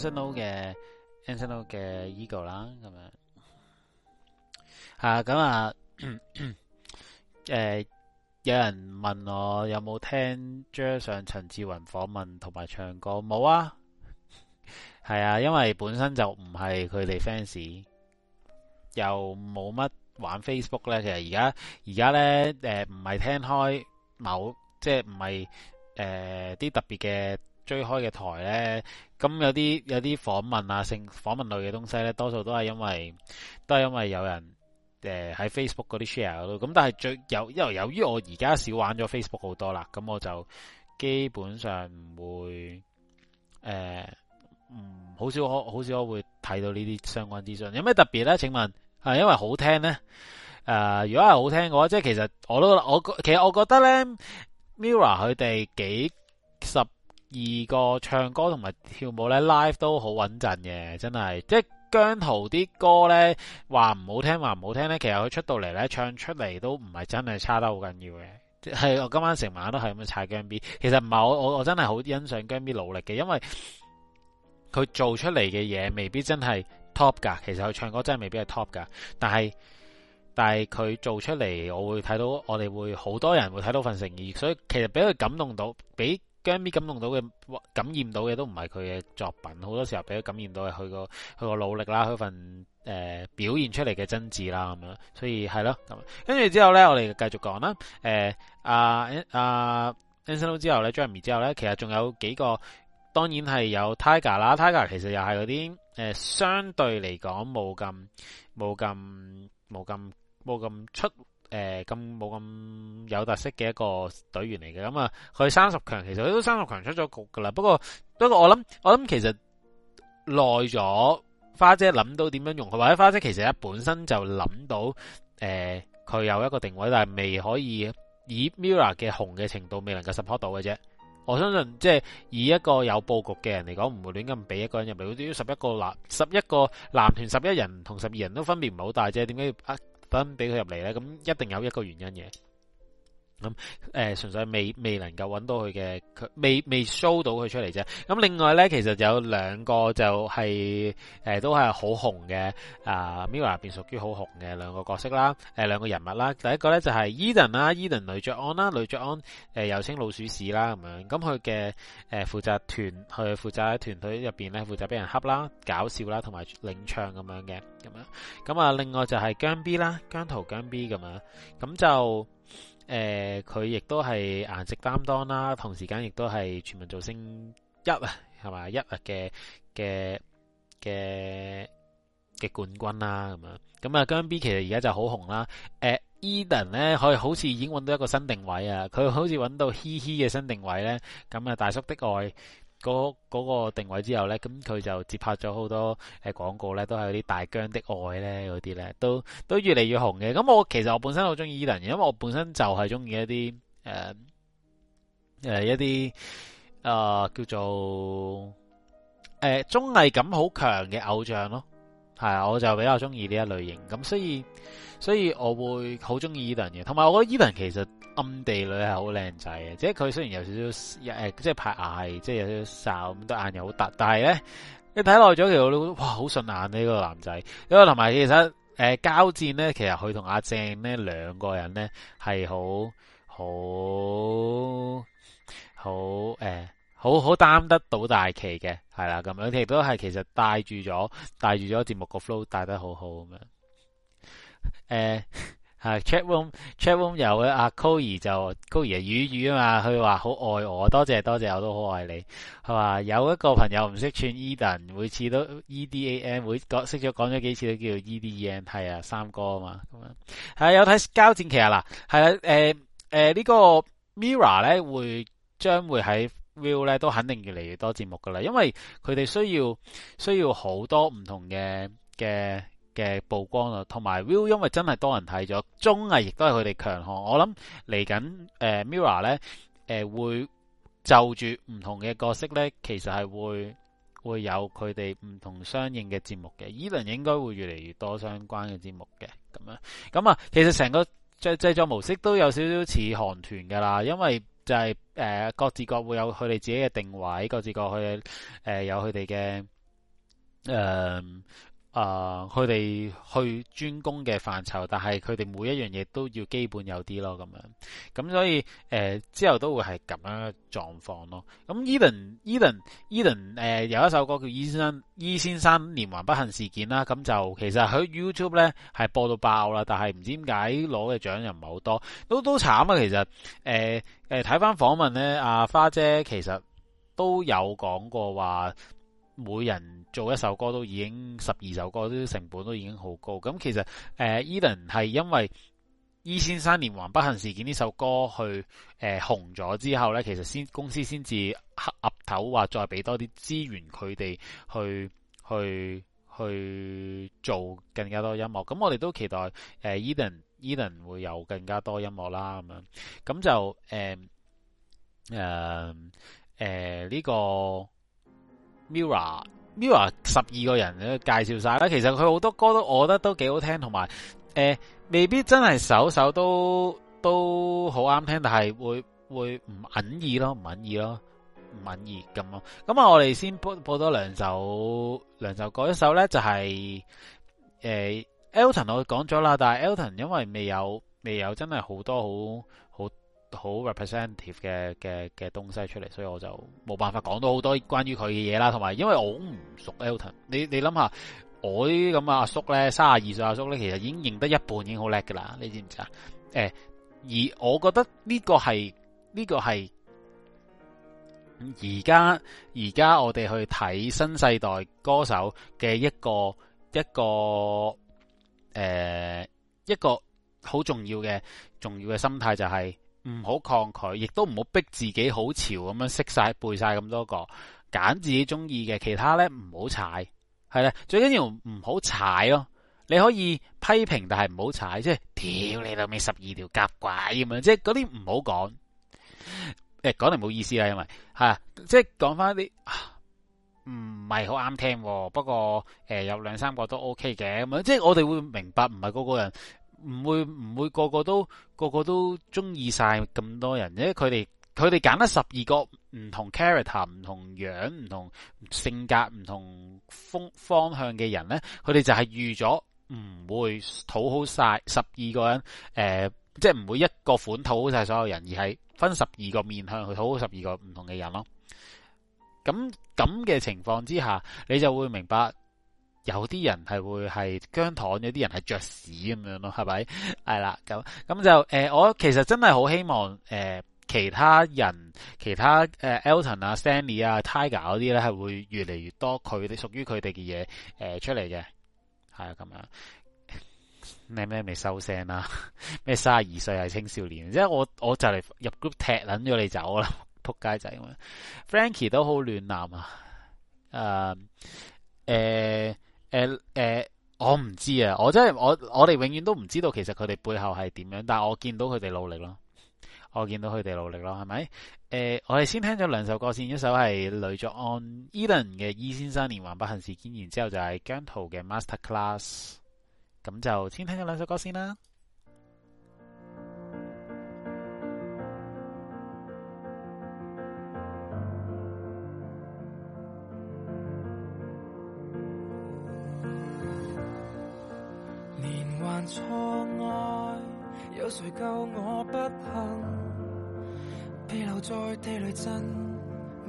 安生佬嘅安生佬嘅 Eagle 啦，咁樣啊，咁啊，誒、呃，有人問我有冇聽上陳志雲訪問同埋唱歌冇啊？係 啊，因為本身就唔係佢哋 fans，又冇乜玩 Facebook 咧。其實而家而家咧，誒，唔、呃、係聽開某，即係唔係誒啲特別嘅。追開嘅台呢，咁有啲有啲訪問啊，性訪問類嘅東西呢，多數都係因為都係因為有人誒喺 Facebook 嗰啲 share 度。咁、呃、但係最有，因為由於我而家少玩咗 Facebook 好多啦，咁我就基本上唔會誒，唔、呃、好少好少我會睇到呢啲相關資訊。有咩特別呢？請問係、呃、因為好聽呢，誒、呃，如果係好聽嘅話，即係其實我都我其實我覺得呢 MIRROR 佢哋幾十。二個唱歌同埋跳舞呢 live 都好穩陣嘅，真係。即係姜濤啲歌呢，話唔好聽話唔好聽呢，其實佢出到嚟呢，唱出嚟都唔係真係差得好緊要嘅。即係我今晚成晚都係咁樣踩姜 B。其實唔係，我我我真係好欣賞姜 B 努力嘅，因為佢做出嚟嘅嘢未必真係 top 噶。其實佢唱歌真係未必係 top 噶，但係但係佢做出嚟，我會睇到我哋會好多人會睇到份誠意，所以其實俾佢感動到俾。姜 mi 感動到嘅，感染到嘅都唔係佢嘅作品，好多時候俾佢感染到嘅，佢個佢個努力啦，佢份誒、呃、表現出嚟嘅真摯啦咁樣，所以係咯咁。跟住之後咧，我哋繼續講啦。誒、呃、阿阿、啊、Enson、啊、之後咧，姜 mi 之後咧，其實仲有幾個，當然係有 Tiger 啦。Tiger 其實又係嗰啲誒，相對嚟講冇咁冇咁冇咁冇咁出。誒，咁冇咁有特色嘅一個隊員嚟嘅，咁啊，佢三十強，其實佢都三十強出咗局噶啦，不過不過我諗我諗其實耐咗花姐諗到點樣用佢，或者花姐其實本身就諗到誒，佢有一個定位，但係未可以以 Mirror 嘅紅嘅程度未能夠 support 到嘅啫。我相信即係以一個有布局嘅人嚟講，唔會亂咁俾一個人入嚟，要十一個男，十一個男團十一人同十二人都分別唔係好大啫，點解？分俾佢入嚟咧，咁一定有一個原因嘅。咁誒、嗯呃，純粹未未能夠揾到佢嘅，佢未未 show 到佢出嚟啫。咁、嗯、另外咧，其實有兩個就係、是呃、都係好紅嘅啊。Mirror 入邊屬於好紅嘅兩個角色啦、呃，兩個人物啦。第一個咧就係、是、Edan 啦 Edan 呂爵安啦，呂爵安誒又稱老鼠屎啦，咁樣咁佢嘅負責團，佢負責喺團隊入邊咧負責俾人恰啦、搞笑啦，同埋領唱咁樣嘅咁咁啊，另外就係姜 B 啦，姜濤姜 B 咁樣咁就。誒佢亦都係顏值擔當啦，同時間亦都係全民造星一啊，係嘛一啊嘅嘅嘅嘅冠軍啦咁樣，咁啊姜 B 其實而家就好紅啦，誒 Eden 呢，佢好似已經揾到一個新定位啊，佢好似揾到嘻嘻嘅新定位咧，咁啊大叔的愛。嗰嗰個定位之後咧，咁佢就接拍咗好多誒廣告咧，都係嗰啲大疆的愛咧，嗰啲咧都都越嚟越紅嘅。咁我其實我本身好中意 Edan 嘅，因為我本身就係中意一啲誒誒一啲啊叫做誒綜藝感好強嘅偶像咯。係啊，我就比較中意呢一類型。咁所以所以我會好中意 Edan 嘅，同埋我覺得 Edan 其實。暗地裏係好靚仔嘅，即係佢雖然有少少，誒，即係排牙即係有少少哨咁，對眼又好突，但係咧，你睇耐咗其實你，哇，好順眼呢個男仔，因為同埋其實，誒、呃，交戰咧，其實佢同阿鄭呢兩個人咧係好好好，誒，好好擔得到大旗嘅，係啦，咁樣，亦都係其實帶住咗，帶住咗節目個 flow 帶得好好咁樣，誒、呃。啊，chat room，chat room 有阿 c o i 就 Coir 啊，魚魚啊嘛，佢話好愛我，多謝多謝，我都好愛你，係嘛？有一個朋友唔識串 Eden，每次都 E D A N，每講識咗講咗幾次都叫 E D E N，係啊，三哥啊嘛。係有睇交戰期啊嗱，係啊，誒誒呢個 Mirror 咧會將會喺 Viu 咧都肯定越嚟越多節目噶啦，因為佢哋需要需要好多唔同嘅嘅。嘅曝光啦，同埋 Will，因為真係多人睇咗，綜藝亦都係佢哋強項。我諗嚟緊，誒、呃、Mirror 咧，誒、呃、會就住唔同嘅角色咧，其實係會會有佢哋唔同相應嘅節目嘅。依輪應該會越嚟越多相關嘅節目嘅，咁樣。咁啊，其實成個制製作模式都有少少似韓團噶啦，因為就係、是、誒、呃、各自各會有佢哋自己嘅定位，各自各去誒有佢哋嘅誒。呃啊！佢哋、呃、去專攻嘅範疇，但係佢哋每一樣嘢都要基本有啲咯，咁樣咁所以誒、呃、之後都會係咁樣嘅狀況咯。咁 Edan Edan Edan 誒有一首歌叫《E 先生 E 先生連環不幸事件》啦，咁就其實喺 YouTube 咧係播到爆啦，但係唔知點解攞嘅獎又唔係好多，都都慘啊！其實誒誒睇翻訪問咧，阿、啊、花姐其實都有講過話每人。做一首歌都已經十二首歌，啲成本都已經好高。咁其實誒、呃、Edan 係因為《E 先生連環不幸事件》呢首歌去誒、呃、紅咗之後呢，其實先公司先至岌頭話再俾多啲資源佢哋去去去，去做更加多音樂。咁我哋都期待 Edan、呃、Edan 會有更加多音樂啦，咁咁就誒誒呢個 MIRROR。Mirror 十二個人介介紹晒啦。其實佢好多歌都我覺得都幾好聽，同埋、呃、未必真係首首都都好啱聽，但係會會唔滿意咯，唔滿意咯，唔滿意咁咯。咁啊，我哋先播播多兩首兩首歌，一首呢就係、是、誒、呃、Elton，我講咗啦，但係 Elton 因為未有未有真係好多好。好 representative 嘅嘅嘅東西出嚟，所以我就冇辦法講到好多關於佢嘅嘢啦。同埋，因為我唔熟 Elton，你你諗下我啲咁啊，阿叔咧，三十二歲阿叔咧，其實已經認得一半已經好叻噶啦，你知唔知啊？誒、呃，而我覺得呢個係呢、呢個係而家而家我哋去睇新世代歌手嘅一個一個誒、呃、一個好重要嘅重要嘅心態就係、是。唔好抗拒，亦都唔好逼自己好潮咁樣識晒背晒咁多個，揀自己中意嘅，其他呢，唔好踩，係啦。最緊要唔好踩咯、哦，你可以批評，但係唔好踩，即係屌你老味十二條夾鬼咁樣，即係嗰啲唔好講。講講冇唔好意思啦，因為吓，即係講翻啲唔係好啱聽。不過誒、呃，有兩三個都 OK 嘅咁樣，即係我哋會明白，唔係嗰個人。唔會唔會個個都個個都中意晒咁多人啫？佢哋佢哋揀得十二個唔同 character、唔同樣、唔同性格、唔同風方向嘅人呢，佢哋就係預咗唔會討好晒十二個人，誒、呃，即係唔會一個款討好晒所有人，而係分十二個面向去討好十二個唔同嘅人咯。咁咁嘅情況之下，你就會明白。有啲人係會係姜糖，有啲人係着屎咁樣咯，係咪？係 啦，咁咁就誒、呃，我其實真係好希望誒、呃，其他人其他誒、呃、，Elton 啊、Sandy 啊、Tiger 嗰啲咧，係會越嚟越多佢哋屬於佢哋嘅嘢誒出嚟嘅，係 啊，咁樣。你咩未收聲啦？咩卅二歲係青少年？即係 我我就嚟入 group 踢捻咗你走啦，撲 街仔！Frankie 都好暖男啊，誒、uh, 誒、呃。誒誒、呃呃，我唔知啊，我真係我我哋永遠都唔知道其實佢哋背後係點樣，但係我見到佢哋努力咯，我見到佢哋努力咯，係咪？誒、呃，我哋先聽咗兩首歌先，一首係呂爵安 Edan 嘅《E 先生連環不幸事件》，然之後就係姜濤嘅《Master Class》，咁就先聽咗兩首歌先啦。錯愛，有誰救我不幸？被留在地雷陣，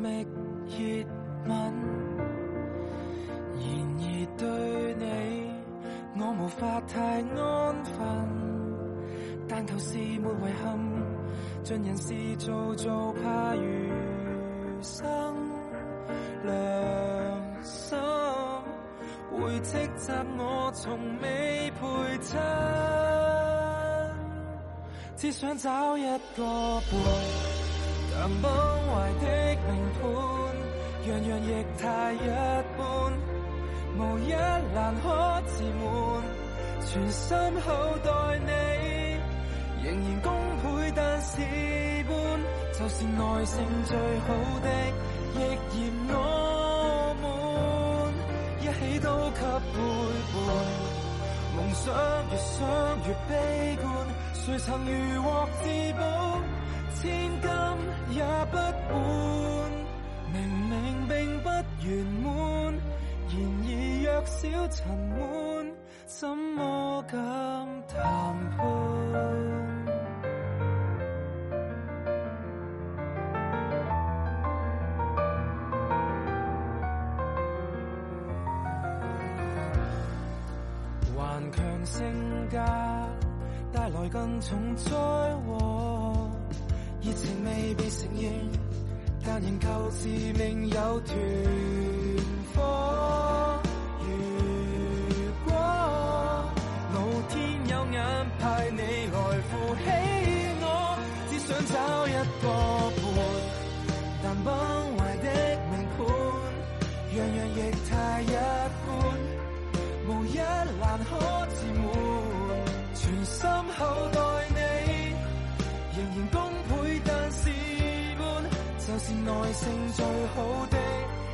覓熱吻。然而對你，我無法太安分。但求事沒遺憾，盡人事做做，怕餘生良心。會斥責我從未陪襯，只想找一個伴。但崩壞的命盤，樣樣亦太一般，無一難可自滿。全心厚待你，仍然功倍，但事半，就是耐性最好的，亦嫌我。幾都給背叛，夢想越想越悲觀，誰曾如獲至寶，千金也不換。明明並不圓滿，然而弱小塵滿，怎麼敢談判？家帶來更重災禍，熱情未被承認，但仍舊自命有團火。耐性最好的，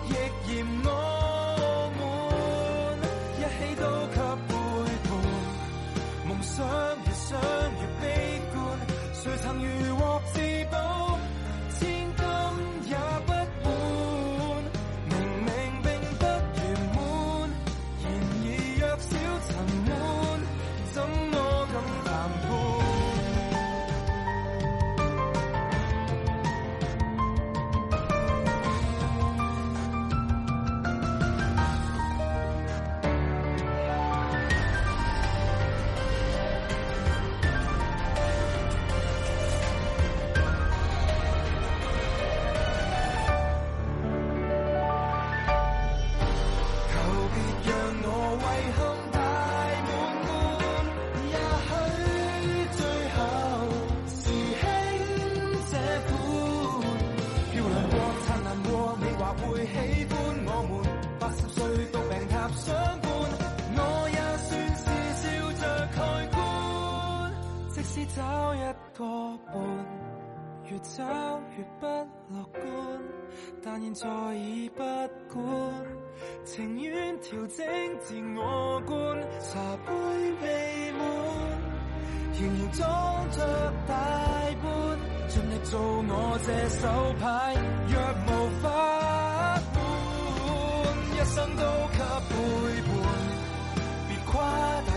亦嫌我滿，一起都給背叛，夢想越想越悲觀，誰曾與我？找一個伴，越找越不樂觀，但現在已不管，情願調整自我觀。茶杯未滿，仍然裝着大半，盡力做我這手牌，若無法滿，一生都給背叛，別誇大。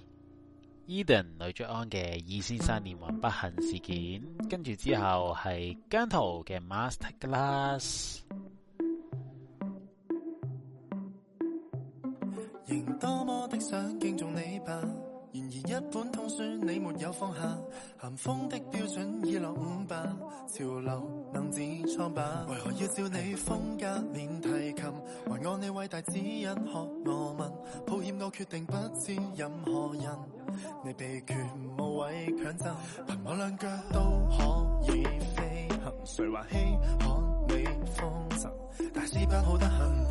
Edan 呂爵安嘅《E 先生連環不幸事件》，跟住之後係姜濤嘅《Masterclass。》 然而一本通書你沒有放下，咸豐的標準已落伍吧，潮流能自創吧？為何要笑你風格練提琴？還我你偉大指引學我問，抱歉我決定不知任何人，你被權無位強爭，憑我兩腳都可以飛行，誰話稀罕你封神？ 大師班好得很。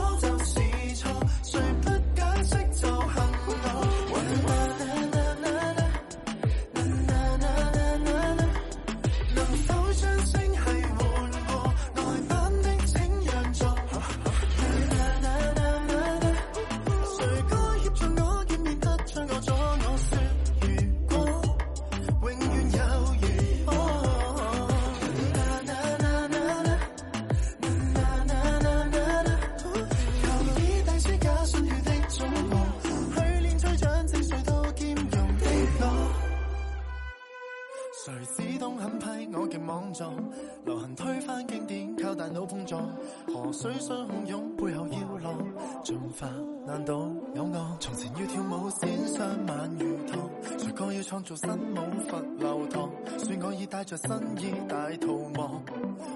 做新舞佛流蕩，說我已帶着新衣大逃亡，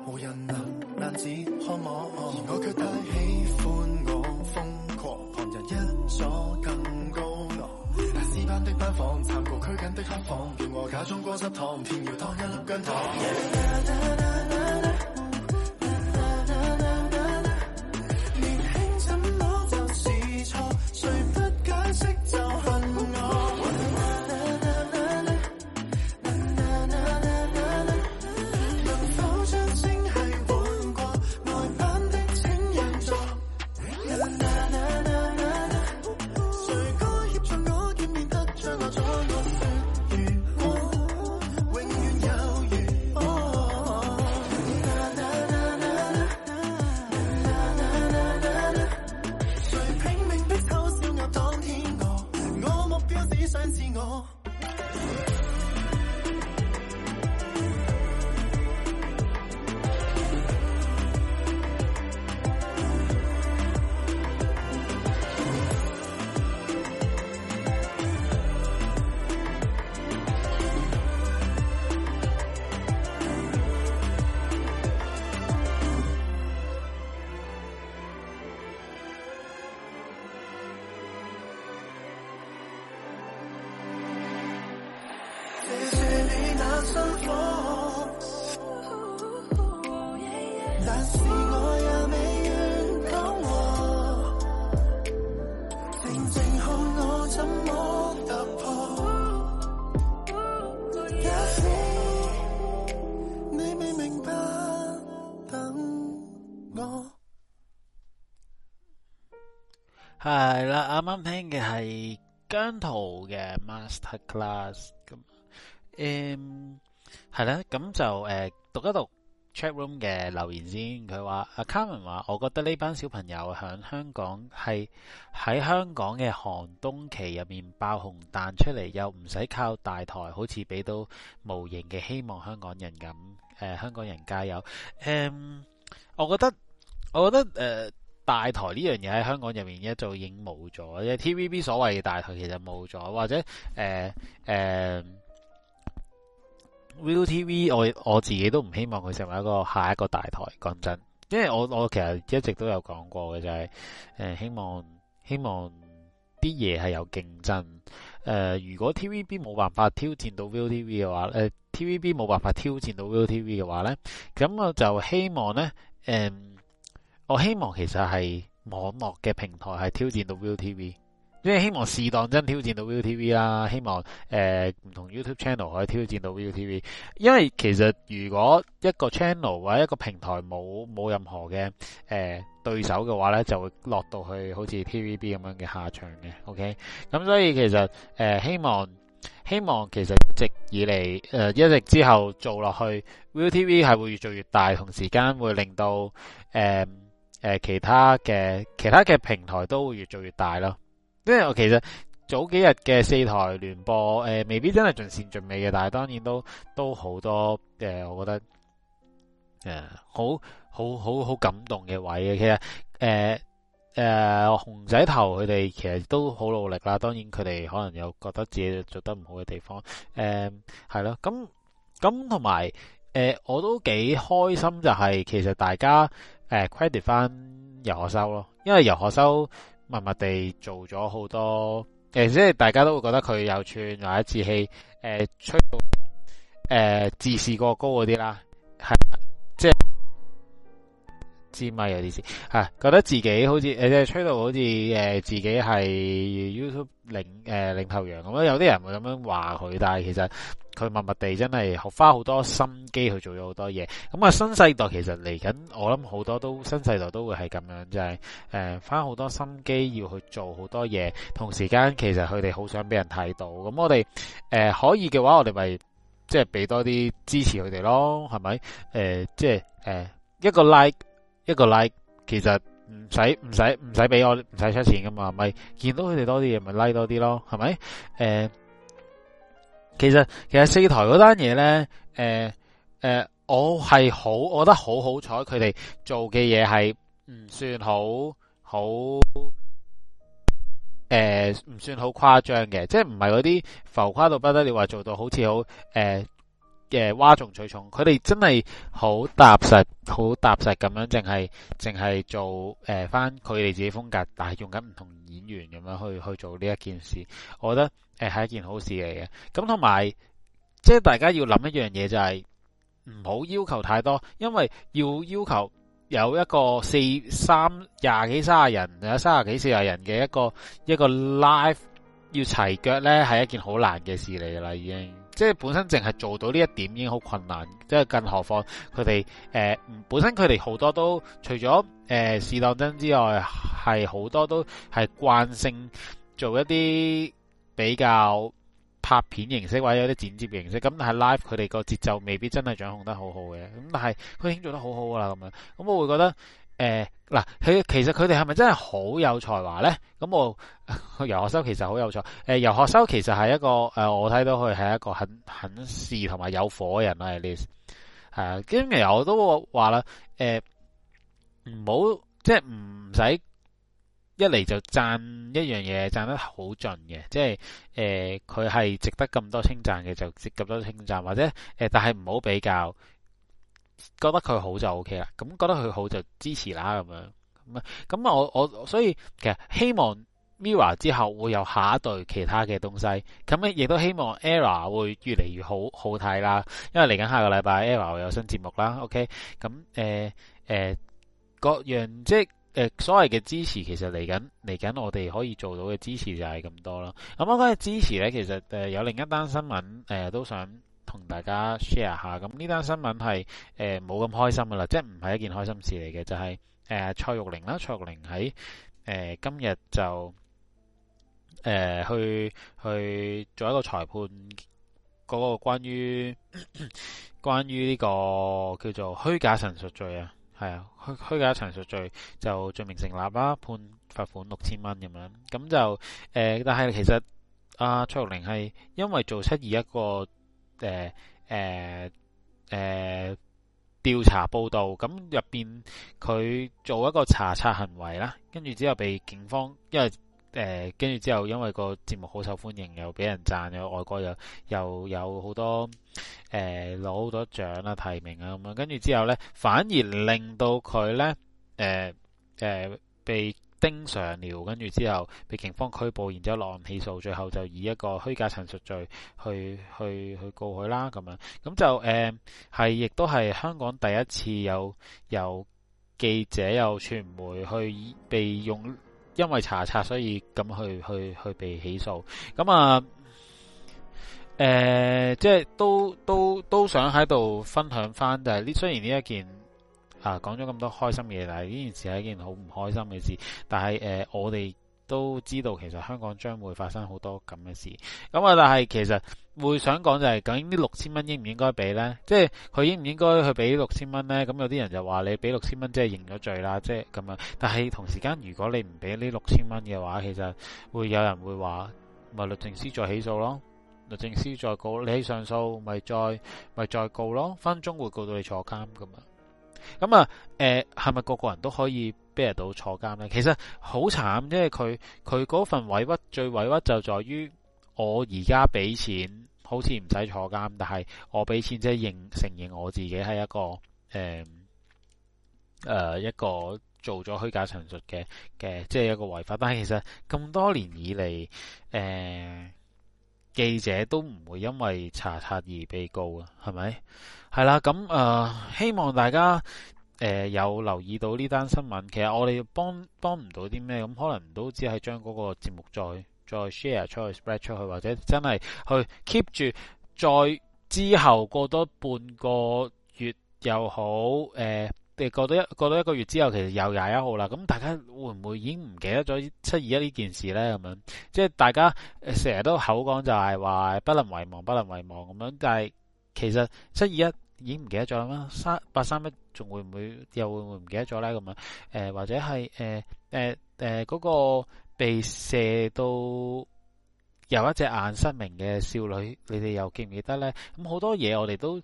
無人能難止渴望，而我却太喜歡我瘋狂，旁人一坐更高昂，大師班的班房，殘酷拘謹的黑房，叫我假裝過失堂，偏要當一粒薑糖。Yes. 啱聽嘅係姜濤嘅 Master Class 咁，誒係啦，咁就誒讀一讀 Chat Room 嘅留言先。佢話阿 Carvin 話：我覺得呢班小朋友喺香港係喺香港嘅寒冬期入面爆紅，彈出嚟又唔使靠大台，好似俾到無形嘅希望香港人咁。誒，香港人加油！誒，我覺得我覺得誒。大台呢樣嘢喺香港入面一早已經冇咗，即係 TVB 所謂嘅大台其實冇咗，或者誒誒、呃呃、，ViuTV 我我自己都唔希望佢成為一個下一個大台。講真，因為我我其實一直都有講過嘅就係、是、誒、呃、希望希望啲嘢係有競爭。誒、呃，如果 TVB 冇辦法挑戰到 ViuTV 嘅話，誒、呃、TVB 冇辦法挑戰到 ViuTV 嘅話咧，咁我就希望咧誒。呃我希望其實係網絡嘅平台係挑戰到 ViuTV，因為希望適當真挑戰到 ViuTV 啦。希望誒唔、呃、同 YouTube Channel 可以挑戰到 ViuTV，因為其實如果一個 channel 或者一個平台冇冇任何嘅誒、呃、對手嘅話呢，就會落到去好似 TVB 咁樣嘅下場嘅。OK，咁所以其實誒、呃、希望希望其實直以嚟誒、呃、一直之後做落去 ViuTV 係會越做越大，同時間會令到誒。呃誒，其他嘅其他嘅平台都會越做越大咯，因為其實早幾日嘅四台聯播誒、呃，未必真係盡善盡美嘅，但係當然都都好多誒、呃，我覺得誒、呃、好好好好感動嘅位嘅，其實誒誒，熊、呃呃、仔頭佢哋其實都好努力啦，當然佢哋可能有覺得自己做得唔好嘅地方，誒係咯，咁咁同埋。誒、呃，我都幾開心，就係其實大家誒、呃、credit 翻游學修咯，因為游學修默默地做咗好多，誒、呃，即係大家都會覺得佢又串或者自欺，誒、呃，吹到誒、呃，自視過高嗰啲啦，係、嗯、即。知咪有啲事，吓、啊，覺得自己好似誒、呃，吹到好似誒、呃，自己係 YouTube 領誒、呃、領頭羊咁樣，有啲人會咁樣話佢，但係其實佢默默地真係花好多心機去做咗好多嘢。咁、嗯、啊，新世代其實嚟緊，我諗好多都新世代都會係咁樣，就係、是、誒，花、呃、好多心機要去做好多嘢。同時間，其實佢哋好想俾人睇到。咁、嗯、我哋誒、呃、可以嘅話，我哋咪即係俾多啲支持佢哋咯，係咪？誒、呃，即係誒一個 like。一個 like 其實唔使唔使唔使俾我，唔使出錢噶嘛，咪見到佢哋多啲嘢咪 like 多啲咯，係咪？誒、呃，其實其實四台嗰單嘢咧，誒、呃、誒、呃，我係好，我覺得好好彩，佢哋做嘅嘢係唔算好好，誒，唔算好誇張嘅，即係唔係嗰啲浮誇到不得了，話做到好似好誒。呃誒，嘩眾取寵，佢哋真係好踏實，好踏實咁樣，淨係淨係做誒，翻佢哋自己風格，但係用緊唔同演員咁樣去去做呢一件事，我覺得誒係、呃、一件好事嚟嘅。咁同埋，即係大家要諗一樣嘢，就係唔好要求太多，因為要要求有一個四三廿幾、三十人三十幾、四廿人嘅一個一個 live 要齊腳呢係一件好難嘅事嚟噶啦，已經。即係本身淨係做到呢一點已經好困難，即係更何況佢哋誒，本身佢哋好多都除咗誒試當真之外，係好多都係慣性做一啲比較拍片形式或者有啲剪接形式，咁但係 live 佢哋個節奏未必真係掌控得好好嘅，咁但係佢已經做得好好噶啦，咁樣，咁我會覺得。誒，嗱、呃，佢其實佢哋係咪真係好有才華咧？咁我游學修其實好有才，誒，游學修其實係、呃、一個誒、呃，我睇到佢係一個肯肯試同埋有火嘅人啊，At least 係啊，今、呃、日我都話啦，誒、呃，唔好即係唔使一嚟就讚一樣嘢，讚得好盡嘅，即係誒，佢、呃、係值得咁多稱讚嘅，就值咁多稱讚，或者誒、呃，但係唔好比較。覺得佢好就 OK 啦，咁覺得佢好就支持啦咁樣，咁啊咁啊我我所以其實希望 Mirror 之後會有下一代其他嘅東西，咁亦都希望 ERROR 會越嚟越好好睇啦，因為嚟緊下，下個禮拜 ERROR 會有新節目啦，OK，咁誒誒各樣即係誒、呃、所謂嘅支持，其實嚟緊嚟緊我哋可以做到嘅支持就係咁多啦。咁我講嘅支持咧，其實誒、呃、有另一單新聞誒、呃、都想。同大家 share 下咁呢單新聞係誒冇咁開心噶啦，即係唔係一件開心事嚟嘅，就係誒蔡玉玲啦，蔡玉玲喺誒、呃、今日就誒、呃、去去做一個裁判嗰個關於關於呢、這個叫做虛假陳述罪啊，係啊虛虛假陳述罪就罪名成立啦，啊，判罰款六千蚊咁樣，咁就誒、呃、但係其實阿，啊、蔡玉玲係因為做七二一個。誒誒誒調查報道，咁入邊佢做一個查冊行為啦，跟住之後被警方因為誒、呃、跟住之後因為個節目好受歡迎，又俾人讚，又外國又又，又有好多誒攞好多獎啦、提名啊咁樣，跟住之後咧反而令到佢咧誒誒被。正常聊，跟住之後被警方拘捕，然之後落案起訴，最後就以一個虛假陳述罪去去去，去告佢啦咁樣，咁就誒係亦都係香港第一次有有記者有傳媒去被用，因為查冊所以咁去去，去，去被起訴，咁啊誒、呃，即係都都都想喺度分享翻，就係呢雖然呢一件。啊，講咗咁多開心嘅嘢，但係呢件事係一件好唔開心嘅事。但係誒、呃，我哋都知道其實香港將會發生好多咁嘅事。咁啊，但係其實會想講就係、是，究竟呢六千蚊應唔應該俾呢？即係佢應唔應該去俾六千蚊呢？咁有啲人就話你俾六千蚊即係認咗罪啦，即係咁樣。但係同時間，如果你唔俾呢六千蚊嘅話，其實會有人會話，咪律政司再起訴咯，律政司再告，你起上訴咪再咪再告咯，分分鐘會告到你坐監咁啊！咁啊，誒，係咪個個人都可以俾人到坐監呢？其實好慘，因為佢佢嗰份委屈，最委屈就在於我而家俾錢，好似唔使坐監，但係我俾錢即係認，承認我自己係一個誒誒、呃呃、一個做咗虛假陳述嘅嘅，即係一個違法。但係其實咁多年以嚟，誒、呃。記者都唔會因為查冊而被告啊，係咪？係啦，咁、嗯、誒，希望大家誒、呃、有留意到呢單新聞。其實我哋幫幫唔到啲咩，咁可能都只係將嗰個節目再再 share 出去，spread 出去，或者真係去 keep 住，再之後過多半個月又好誒。呃哋過多一過多一個月之後，其實又廿一號啦。咁大家會唔會已經唔記得咗七二一呢件事咧？咁樣即係大家成日都口講就係話不能遺忘，不能遺忘咁樣。但係其實七二一已經唔記得咗啦。三八三一仲會唔會又會唔會唔記得咗咧？咁樣、呃、或者係嗰、呃呃呃嗰個被射到有一隻眼失明嘅少女，你哋又記唔記得咧？咁、呃、好多嘢我哋都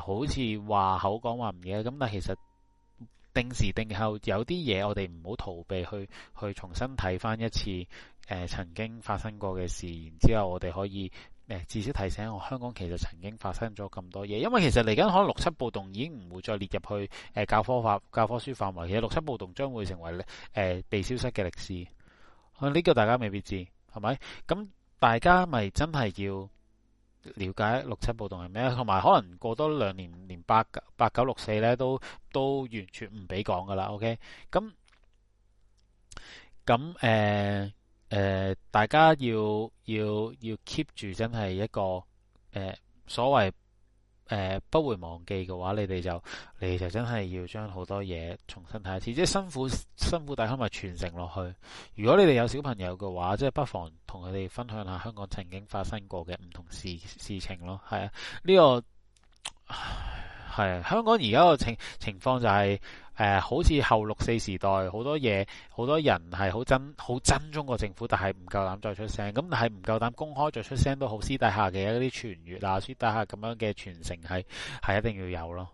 好似話口講話唔記得。咁但其實。定時定候有啲嘢，我哋唔好逃避去去重新睇翻一次誒、呃，曾經發生過嘅事。然之後我哋可以誒至少提醒我香港其實曾經發生咗咁多嘢。因為其實嚟緊可能六七暴動已經唔會再列入去誒、呃、教科法教科書範圍，其實六七暴動將會成為誒、呃、被消失嘅歷史。呢、啊這個大家未必知係咪？咁大家咪真係要。了解六七暴動係咩？同埋可能過多兩年，連八八九六四咧都都完全唔俾講噶啦。OK，咁咁誒誒，大家要要要 keep 住真係一個誒、呃、所謂。誒、呃，不會忘記嘅話，你哋就，你哋就真係要將好多嘢重新睇一次，即係辛苦辛苦大兄咪傳承落去。如果你哋有小朋友嘅話，即係不妨同佢哋分享下香港曾經發生過嘅唔同事事情咯。係啊，呢、呢個係香港而家個情情況就係、是。誒、呃、好似後六四時代，好多嘢，好多人係好憎，好憎中國政府，但係唔夠膽再出聲。咁但係唔夠膽公開再出聲都好，私底下嘅嗰啲傳説傳閱啊，私底下咁樣嘅傳承係係一定要有咯。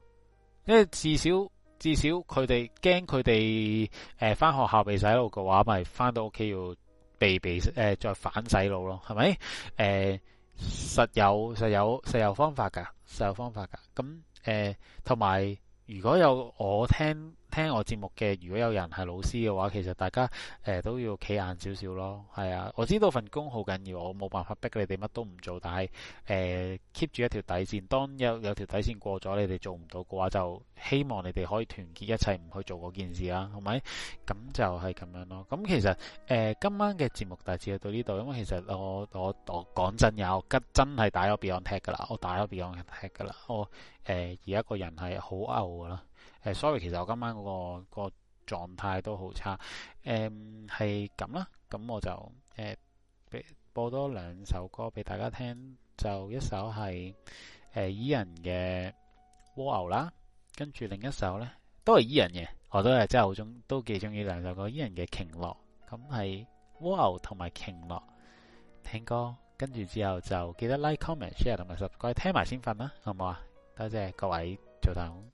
因為至少至少佢哋驚佢哋誒翻學校被洗腦嘅話，咪翻到屋企要被被、呃、再反洗腦咯，係咪？誒、呃、實有實有實有方法㗎，實有方法㗎。咁誒同埋，嗯呃如果有我聽。聽我節目嘅，如果有人係老師嘅話，其實大家誒、呃、都要企硬少少咯，係啊，我知道份工好緊要，我冇辦法逼你哋乜都唔做，但係誒 keep 住一條底線，當有有條底線過咗，你哋做唔到嘅話，就希望你哋可以團結一切，唔去做嗰件事啦、啊，係咪？咁就係咁樣咯。咁、嗯、其實誒、呃、今晚嘅節目大致去到呢度，因為其實我我我講真有，吉真係打咗 BioNTech 噶啦，我打咗 BioNTech 噶啦，我誒、呃、而家個人係好牛噶啦。誒，sorry，其實我今晚嗰，那個，那個狀態都好差，誒、嗯，係咁啦，咁我就誒、呃、播多兩首歌俾大家聽，就一首係誒伊人嘅蝸牛啦，跟住另一首咧都係伊人嘅，我都係真係好中，都幾中意兩首歌，伊人嘅鯨落，咁係蝸牛同埋鯨落聽歌，跟住之後就記得 like、 comment、share 同埋 subscribe，聽埋先瞓啦，好唔好啊？多謝各位早唞。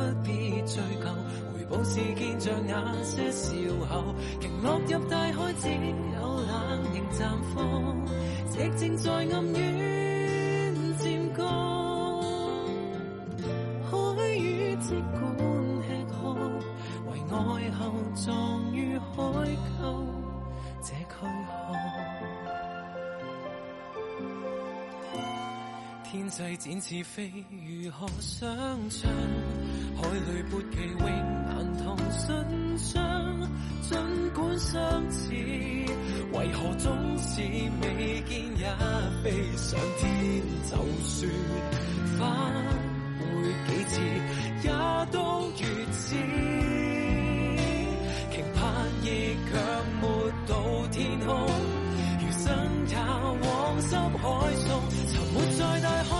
不必追究，回報，是見着那些笑口，鯨落入大海，只有冷凝綻放，寂靜在暗遠漸降，海雨即管吃喝，為愛後葬於海溝。天際展翅飛，如何相襯？海裏撥鰭泳，難同欣賞。盡管相似，為何總是未見也飛上天？就算返回幾次，也都如此。期盼亦卻沒到天空。餘生也往深海。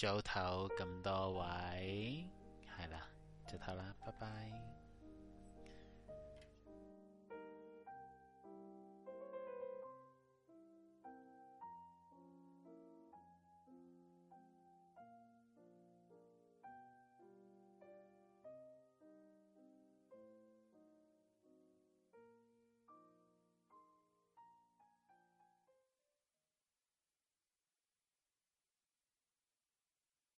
早唞咁多位，係啦，早唞啦，拜拜。